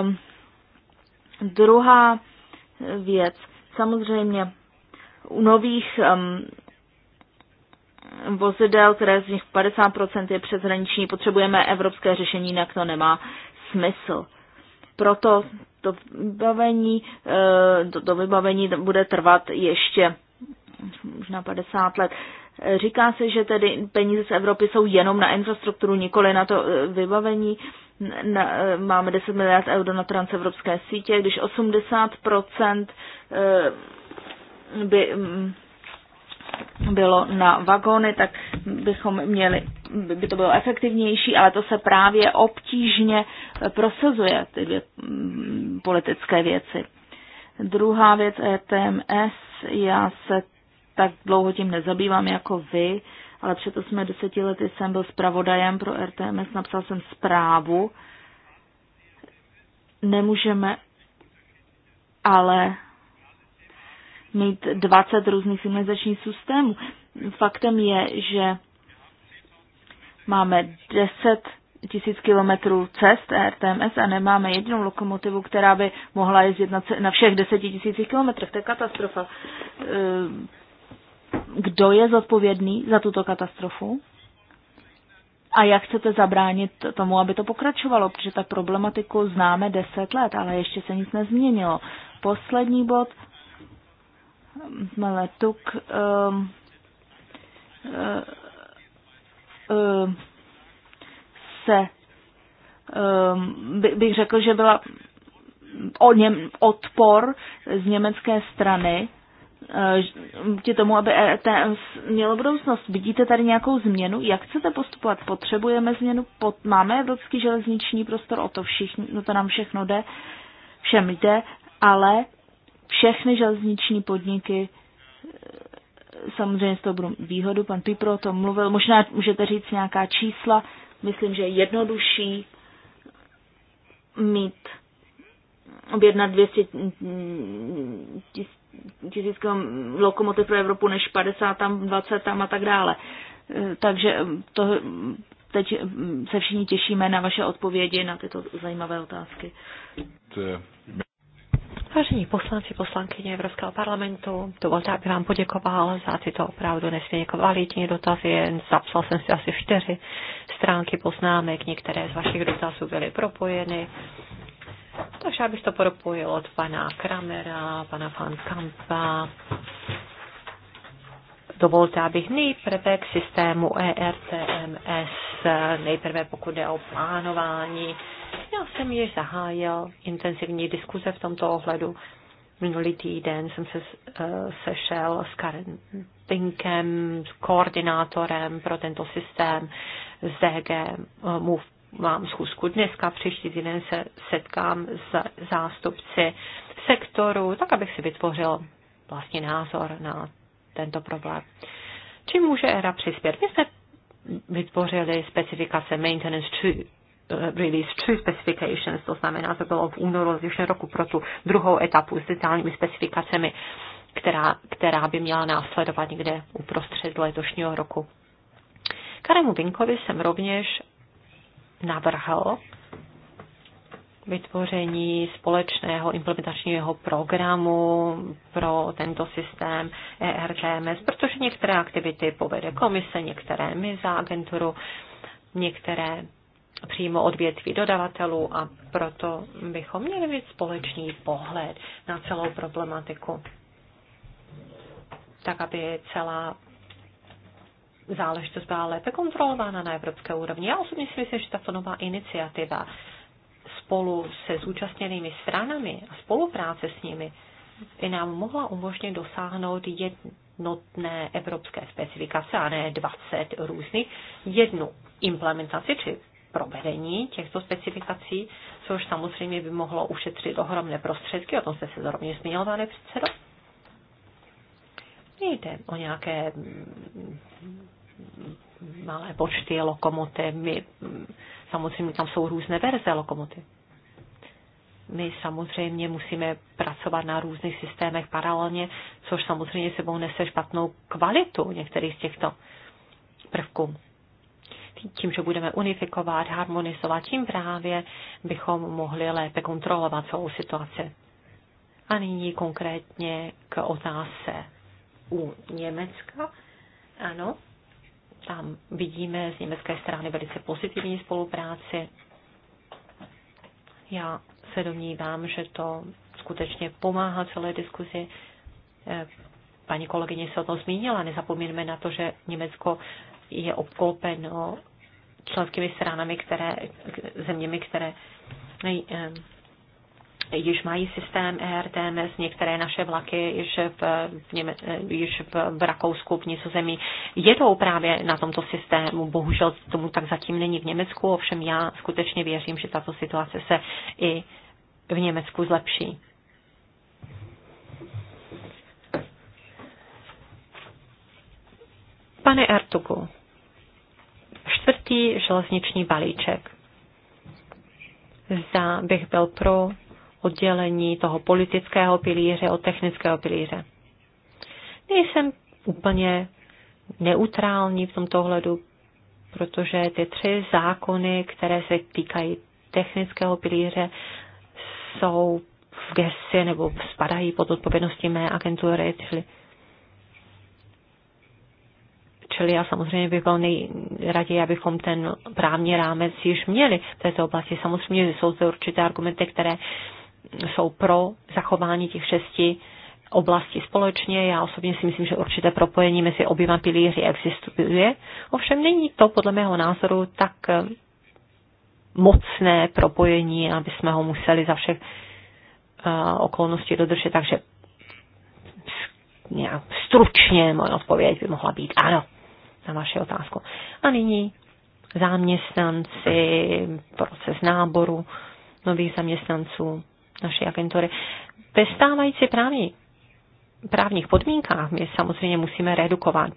Speaker 1: Um, druhá věc, samozřejmě u nových um, vozidel, které z nich 50% je přeshraniční, potřebujeme evropské řešení, jinak to nemá smysl. Proto to vybavení, eh, to, to vybavení bude trvat ještě možná 50 let. Říká se, že tedy peníze z Evropy jsou jenom na infrastrukturu, nikoli na to eh, vybavení na, eh, máme 10 miliard euro na transevropské sítě, když 80% eh, by mm, bylo na vagony, tak bychom měli, by to bylo efektivnější, ale to se právě obtížně eh, prosazuje, ty dvě mm, politické věci. Druhá věc ETMS, já se tak dlouho tím nezabývám jako vy, ale před 8 deseti lety jsem byl zpravodajem pro RTMS, napsal jsem zprávu. Nemůžeme ale mít 20 různých signalizačních systémů. Faktem je, že máme 10 tisíc kilometrů cest RTMS a nemáme jednu lokomotivu, která by mohla jezdit na, na všech deseti tisících kilometrech. To je katastrofa. Ehm, kdo je zodpovědný za tuto katastrofu a jak chcete zabránit tomu, aby to pokračovalo, protože ta problematiku známe deset let, ale ještě se nic nezměnilo. Poslední bod, Tuk, um, uh, uh, se, um, by, bych řekl, že byla o něm odpor z německé strany k eh, tomu, aby EET mělo budoucnost. Vidíte tady nějakou změnu? Jak chcete postupovat? Potřebujeme změnu? Pot, máme evropský železniční prostor, o to, všichni, no to nám všechno jde, všem jde, ale všechny železniční podniky eh, samozřejmě z toho budou výhodu. Pan Pipro o tom mluvil. Možná můžete říct nějaká čísla. Myslím, že je jednodušší mít objednat 200 tisíc tisícka lokomotiv pro Evropu než 50 tam, 20 tam a tak dále. Eh, takže eh, to, teď eh, se všichni těšíme na vaše odpovědi na tyto zajímavé otázky. Vážení poslanci, poslankyně
Speaker 3: Evropského parlamentu, dovolte, abych vám poděkoval za tyto opravdu nesmírně kvalitní dotazy. Zapsal jsem si asi čtyři stránky poznámek, některé z vašich dotazů byly propojeny takže abych to propojil od pana Kramera, pana Van Kampa. Dovolte, abych nejprve k systému ERTMS, nejprve pokud je o plánování. Já jsem již zahájil intenzivní diskuze v tomto ohledu. Minulý týden jsem se eh, sešel s Karen Pinkem, s koordinátorem pro tento systém s DG Move mám schůzku dneska, příští týden se setkám s zástupci sektoru, tak abych si vytvořil vlastně názor na tento problém. Čím může ERA přispět? My jsme vytvořili specifikace Maintenance 2, eh, release 2 specifications, to znamená, to bylo v únoru letošního roku pro tu druhou etapu s detailními specifikacemi, která, která by měla následovat někde uprostřed letošního roku. Karemu Vinkovi jsem rovněž navrhl vytvoření společného implementačního programu pro tento systém ERTMS, protože některé aktivity povede komise, některé my za agenturu, některé přímo odvětví dodavatelů a proto bychom měli mít společný pohled na celou problematiku, tak aby celá záležitost byla lépe kontrolována na evropské úrovni. Já osobně si myslím, že tato nová iniciativa spolu se zúčastněnými stranami a spolupráce s nimi by nám mohla umožnit dosáhnout jednotné evropské specifikace a ne 20 různých, jednu implementaci či provedení těchto specifikací, což samozřejmě by mohlo ušetřit ohromné prostředky, o tom jste se zrovna zmínil, pane předsedo. Nejde o nějaké malé počty lokomotiv. My, mm, samozřejmě tam jsou různé verze lokomotiv. My samozřejmě musíme pracovat na různých systémech paralelně, což samozřejmě sebou nese špatnou kvalitu některých z těchto prvků. Tím, že budeme unifikovat, harmonizovat, tím právě bychom mohli lépe kontrolovat celou situaci. A nyní konkrétně k otázce u Německa. Ano, tam vidíme z německé strany velice pozitivní spolupráci. Já se domnívám, že to skutečně pomáhá celé diskuzi. Eh, paní kolegyně se o tom zmínila. Nezapomínáme na to, že Německo je obklopeno členskými stranami, které, zeměmi, které eh, již mají systém ERTMS, některé naše vlaky již v, Něme, eh, již v Rakousku, v Nizozemí jedou právě na tomto systému. Bohužel tomu tak zatím není v Německu, ovšem já skutečně věřím, že tato situace se i v Německu zlepší. Pane Ertugu, čtvrtý železniční balíček. Zda bych byl pro oddělení toho politického pilíře od technického pilíře. Nejsem úplně neutrální v tomto ohledu, protože ty tři zákony, které se týkají technického pilíře, jsou v gesti nebo spadají pod odpovědnosti mé agentury, čili čili já samozřejmě bych byl nejraději, abychom ten právní rámec již měli v této oblasti. Samozřejmě jsou zde určité argumenty, které jsou pro zachování těch šesti oblasti společně. Já osobně si myslím, že určité propojení mezi oběma pilíři existuje. Ovšem není to podle mého názoru tak eh, mocné propojení, aby jsme ho museli za všech eh, okolností dodržet. Takže nějak stručně moje odpověď by mohla být ano na vaši otázku. A nyní zaměstnanci, proces náboru nových zaměstnanců naší agentury. Ve stávající právní, právních podmínkách my samozřejmě musíme redukovat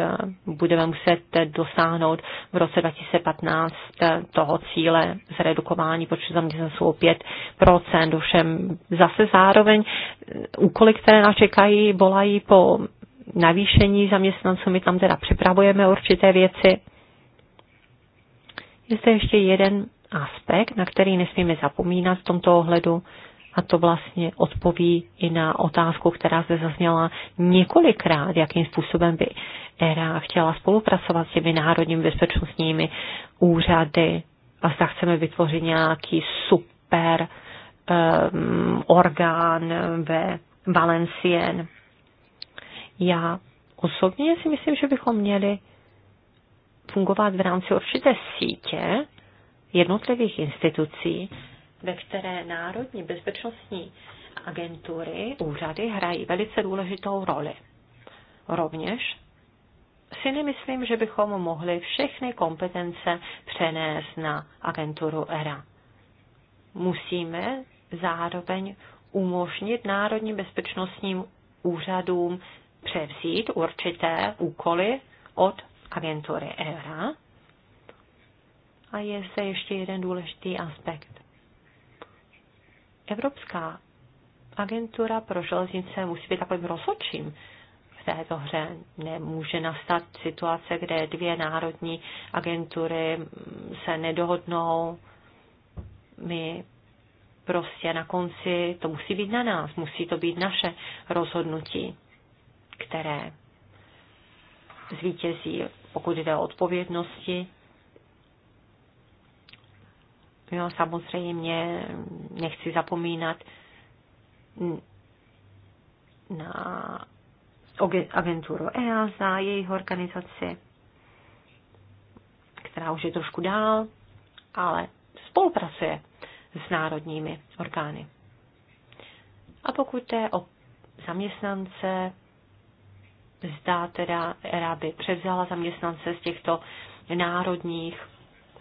Speaker 3: eh, budeme muset dosáhnout v roce 2015 eh, toho cíle zredukování počtu zaměstnanců o 5%. Ovšem zase zároveň eh, úkoly, které nás čekají, volají po navýšení zaměstnanců. My tam teda připravujeme určité věci. Je zde ještě jeden aspekt, na který nesmíme zapomínat v tomto ohledu, a to vlastně odpoví i na otázku, která zde zazněla několikrát, jakým způsobem by ERA chtěla spolupracovat s těmi národními bezpečnostními úřady a zda chceme vytvořit nějaký super um, orgán ve Valencien. Já osobně si myslím, že bychom měli fungovat v rámci určité sítě, jednotlivých institucí, ve které národní bezpečnostní agentury, úřady hrají velice důležitou roli. Rovněž si nemyslím, že bychom mohli všechny kompetence přenést na agenturu ERA. Musíme zároveň umožnit národním bezpečnostním úřadům převzít určité úkoly od agentury ERA a je zde ještě jeden důležitý aspekt. Evropská agentura pro železnice musí být takovým rozhodčím v této hře. Nemůže nastat situace, kde dvě národní agentury se nedohodnou. My prostě na konci to musí být na nás, musí to být naše rozhodnutí, které zvítězí, pokud jde o odpovědnosti Jo, no, samozřejmě nechci zapomínat na agenturu EASA, jejich organizaci, která už je trošku dál, ale spolupracuje s národními orgány. A pokud jde o zaměstnance, zda teda ERA by převzala zaměstnance z těchto národních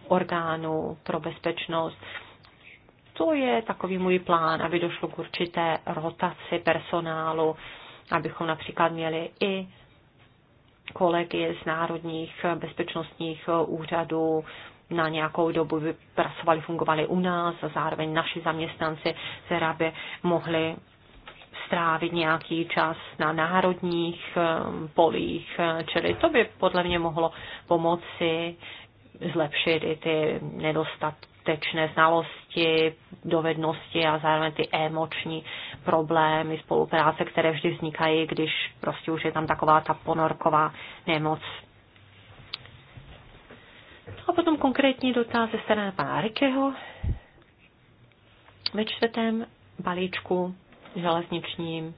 Speaker 3: orgánu pro bezpečnost. To je takový můj plán, aby došlo k určité rotaci personálu, abychom například měli i kolegy z národních bezpečnostních úřadů na nějakou dobu by pracovali, fungovali u nás a zároveň naši zaměstnanci z by mohli strávit nějaký čas na národních polích, čili to by podle mě mohlo pomoci zlepšit i ty nedostatečné znalosti, dovednosti a zároveň ty emoční problémy, spolupráce, které vždy vznikají, když prostě už je tam taková ta ponorková nemoc. No a potom konkrétní dotaz ze strany pana Rikeho. Ve čtvrtém balíčku železničním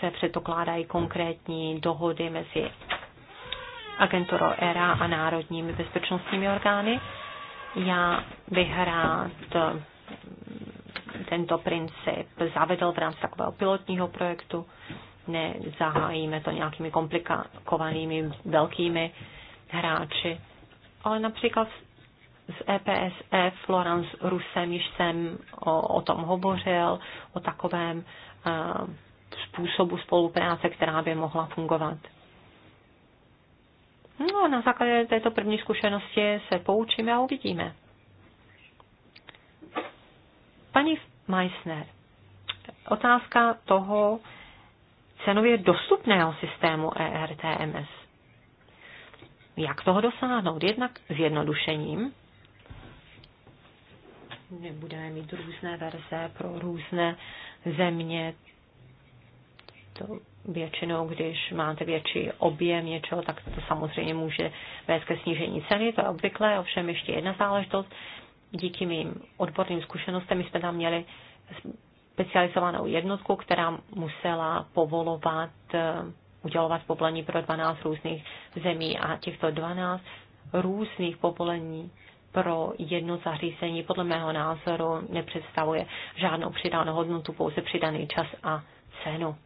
Speaker 3: se předpokládají konkrétní dohody mezi agenturou ERA a národními bezpečnostními orgány. Já bych rád mm, tento princip zavedl v rámci takového pilotního projektu. Nezahájíme to nějakými komplikovanými velkými hráči. Ale například z EPSF e Florence Rusem již jsem o, o tom hovořil, o takovém uh, způsobu spolupráce, která by mohla fungovat. No, na základě této první zkušenosti se poučíme a uvidíme. Paní Meissner, otázka toho cenově dostupného systému ERTMS. Jak toho dosáhnout? Jednak zjednodušením. Nebudeme mít různé verze pro různé země. To většinou, když máte větší objem něčeho, tak to samozřejmě může vést ke snížení ceny, to je obvyklé, ovšem ještě jedna záležitost. Díky mým odborným zkušenostem my jsme tam měli specializovanou jednotku, která musela povolovat, eh, udělovat povolení pro 12 různých zemí a těchto 12 různých povolení pro jedno zařízení podle mého názoru nepředstavuje žádnou přidanou hodnotu, pouze přidaný čas a cenu.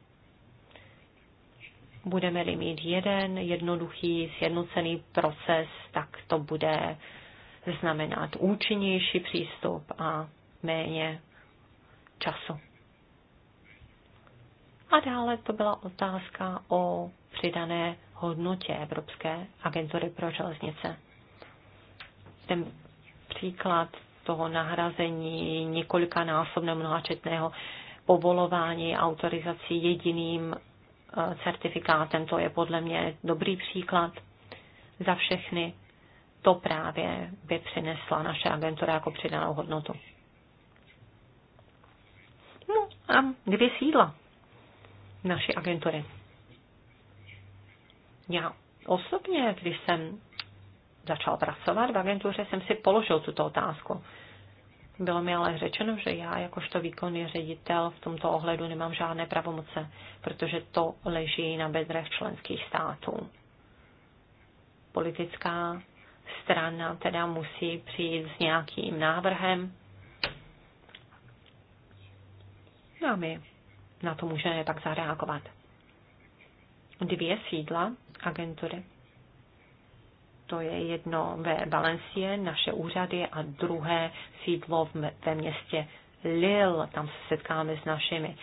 Speaker 3: Budeme-li mít jeden jednoduchý, sjednocený proces, tak to bude znamenat účinnější přístup a méně času. A dále to byla otázka o přidané hodnotě Evropské agentury pro železnice. Ten příklad toho nahrazení několikanásobného mnohačetného povolování autorizací jediným Eh, certifikátem. To je podle mě dobrý příklad za všechny. To právě by přinesla naše agentura jako přidanou hodnotu. No a dvě sídla naší agentury. Já osobně, když jsem začal pracovat v agentuře, jsem si položil tuto otázku. Bylo mi ale řečeno, že já jakožto výkonný ředitel v tomto ohledu nemám žádné pravomoce, protože to leží na bedrech členských států. Politická strana teda musí přijít s nějakým návrhem. A my na to můžeme pak zareagovat. Dvě sídla agentury to je jedno ve Valencie, naše úřady, a druhé sídlo ve městě Lille. Tam se setkáme s našimi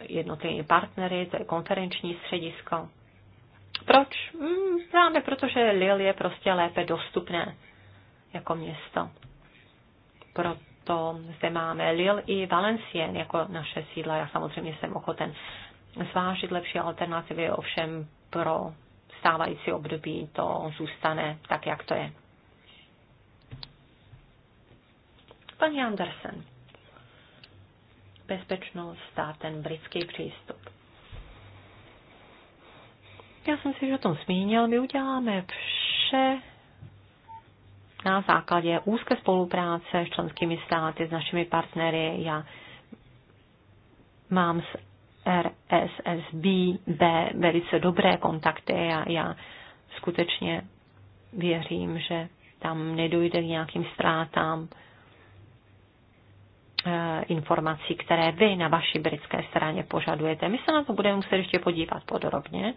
Speaker 3: jednotlivými partnery, to je konferenční středisko. Proč? Hmm, známe, protože Lille je prostě lépe dostupné jako město. Proto zde máme Lille i Valencien jako naše sídla. Já samozřejmě jsem ochoten zvážit lepší alternativy, ovšem pro stávající období to zůstane tak, jak to je. Paní Andersen. Bezpečnost a ten britský přístup. Já jsem si už o tom zmínil, my uděláme vše na základě úzké spolupráce s členskými státy, s našimi partnery. Já mám s RSSB B velice dobré kontakty a já skutečně věřím, že tam nedojde k nějakým ztrátám eh, informací, které vy na vaší britské straně požadujete. My se na to budeme muset ještě podívat podrobně,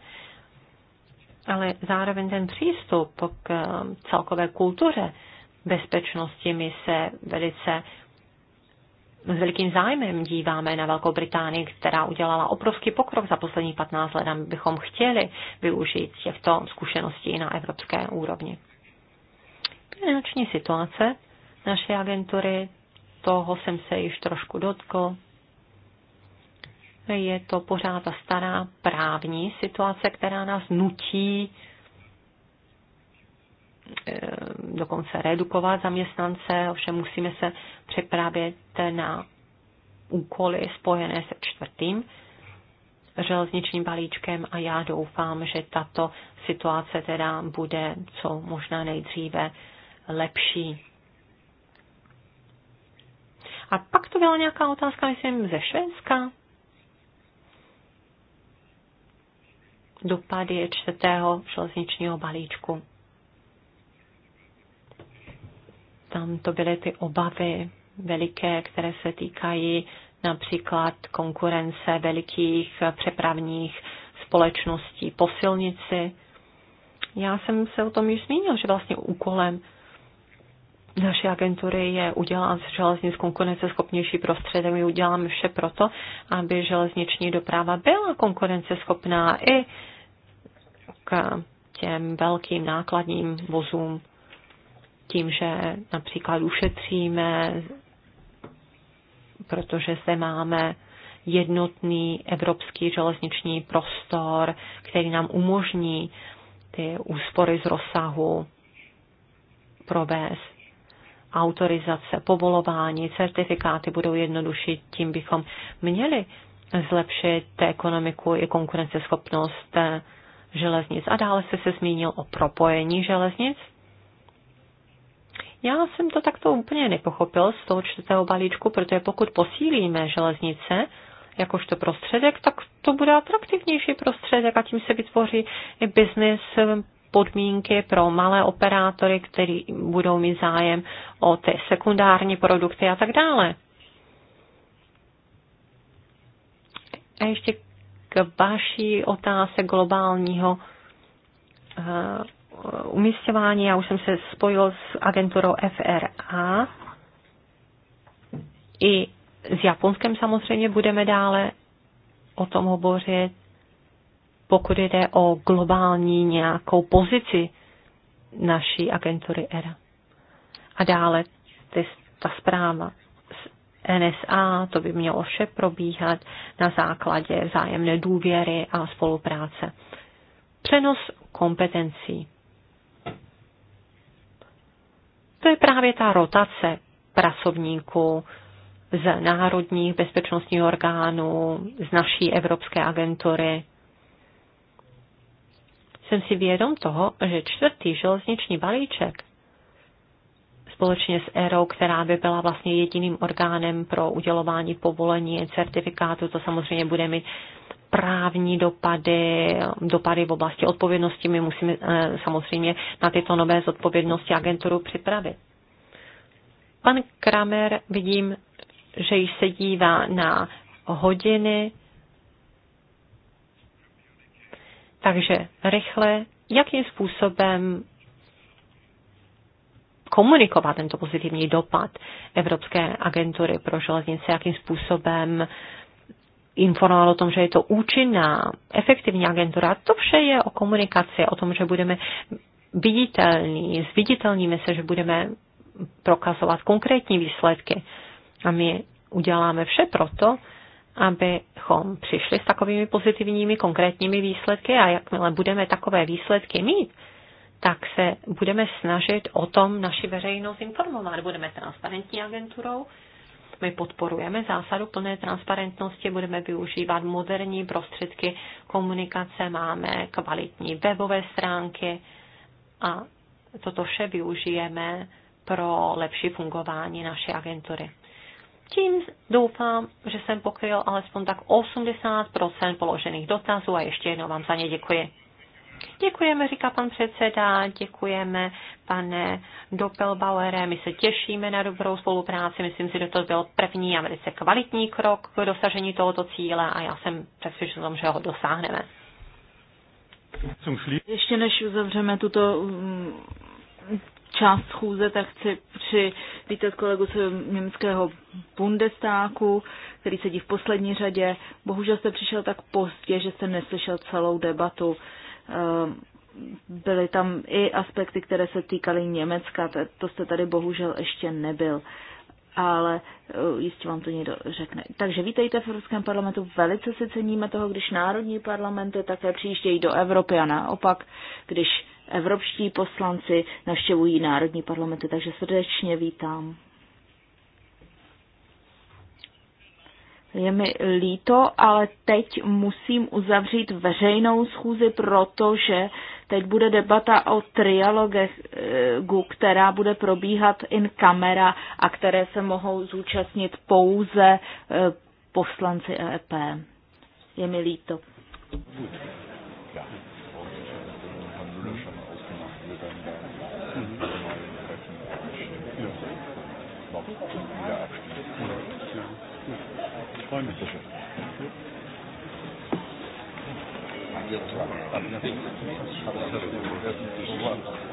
Speaker 3: ale zároveň ten přístup k eh, celkové kultuře bezpečnosti mi se velice s velkým zájmem díváme na Velkou Británii, která udělala obrovský pokrok za poslední 15 let a my bychom chtěli využít těchto zkušeností na evropské úrovni. Finanční situace naší agentury, toho jsem se již trošku dotkl. Je to pořád ta stará právní situace, která nás nutí Eh, dokonce redukovat zaměstnance, ovšem musíme se připravit na úkoly spojené se čtvrtým železničním balíčkem a já doufám, že tato situace teda bude co možná nejdříve lepší. A pak to byla nějaká otázka, myslím, ze Švédska. Dopady čtvrtého železničního balíčku. tam to byly ty obavy veliké, které se týkají například konkurence velikých přepravních společností po silnici. Já jsem se o tom již zmínil, že vlastně úkolem naší agentury je udělat z železnic konkurenceschopnější prostředek. My uděláme vše proto, aby železniční doprava byla konkurenceschopná i k těm velkým nákladním vozům tím, že například ušetříme, protože se máme jednotný evropský železniční prostor, který nám umožní ty úspory z rozsahu provést. Autorizace, povolování, certifikáty budou jednodušší, tím bychom měli zlepšit ekonomiku i konkurenceschopnost eh, železnic. A dále jste se zmínil o propojení železnic. Já jsem to takto úplně nepochopil z toho čtvrtého balíčku, protože pokud posílíme železnice jakožto prostředek, tak to bude atraktivnější prostředek a tím se vytvoří i biznis podmínky pro malé operátory, kteří budou mít zájem o ty sekundární produkty a tak dále. A ještě k vaší otázce globálního eh, Eh, umístěvání. Já už jsem se spojil s agenturou FRA. I s Japonskem samozřejmě budeme dále o tom hovořit, pokud jde o globální nějakou pozici naší agentury ERA. A dále ty, ta zpráva z NSA, to by mělo vše probíhat na základě vzájemné důvěry a spolupráce. Přenos kompetencí to je právě ta rotace pracovníků z národních bezpečnostních orgánů, z naší Evropské agentury. Jsem si vědom toho, že čtvrtý železniční balíček společně s ERO, která by byla vlastně jediným orgánem pro udělování povolení certifikátu, to samozřejmě bude mít právní dopady, dopady v oblasti odpovědnosti. My musíme eh, samozřejmě na tyto nové zodpovědnosti agenturu připravit. Pan Kramer, vidím, že již se dívá na hodiny, takže rychle, jakým způsobem komunikovat tento pozitivní dopad Evropské agentury pro železnice, jakým způsobem informoval o tom, že je to účinná, efektivní agentura. To vše je o komunikaci, o tom, že budeme viditelní, zviditelníme se, že budeme prokazovat konkrétní výsledky. A my uděláme vše proto, abychom přišli s takovými pozitivními, konkrétními výsledky a jakmile budeme takové výsledky mít, tak se budeme snažit o tom naši veřejnost informovat. Budeme transparentní agenturou, my podporujeme zásadu plné transparentnosti, budeme využívat moderní prostředky komunikace, máme kvalitní webové stránky a toto vše využijeme pro lepší fungování naší agentury. Tím doufám, že jsem pokryl alespoň tak 80 položených dotazů a ještě jednou vám za ně děkuji. Děkujeme, říká pan předseda, děkujeme, pane Doppelbauere, my se těšíme na dobrou spolupráci, myslím si, že to byl první a velice kvalitní krok k dosažení tohoto cíle a já jsem
Speaker 1: přesvědčen že ho dosáhneme. Ještě než uzavřeme tuto mm, část schůze, tak chci přivítat kolegu z německého Bundestáku, který sedí v poslední řadě. Bohužel jste přišel tak pozdě, že jsem neslyšel celou debatu. Eh, byly tam i aspekty, které se týkaly Německa, to jste tady bohužel ještě nebyl, ale eh, jistě vám to někdo řekne. Takže vítejte v Evropském parlamentu, velice si ceníme toho, když národní parlamenty také přijíždějí do Evropy a naopak, když evropští poslanci navštěvují národní parlamenty, takže srdečně vítám. Je mi líto, ale teď musím uzavřít veřejnou schůzi, protože teď bude debata o trialogu, eh, která bude probíhat in kamera a které se mohou zúčastnit pouze eh, poslanci EP. Je mi líto. freue mich so schön.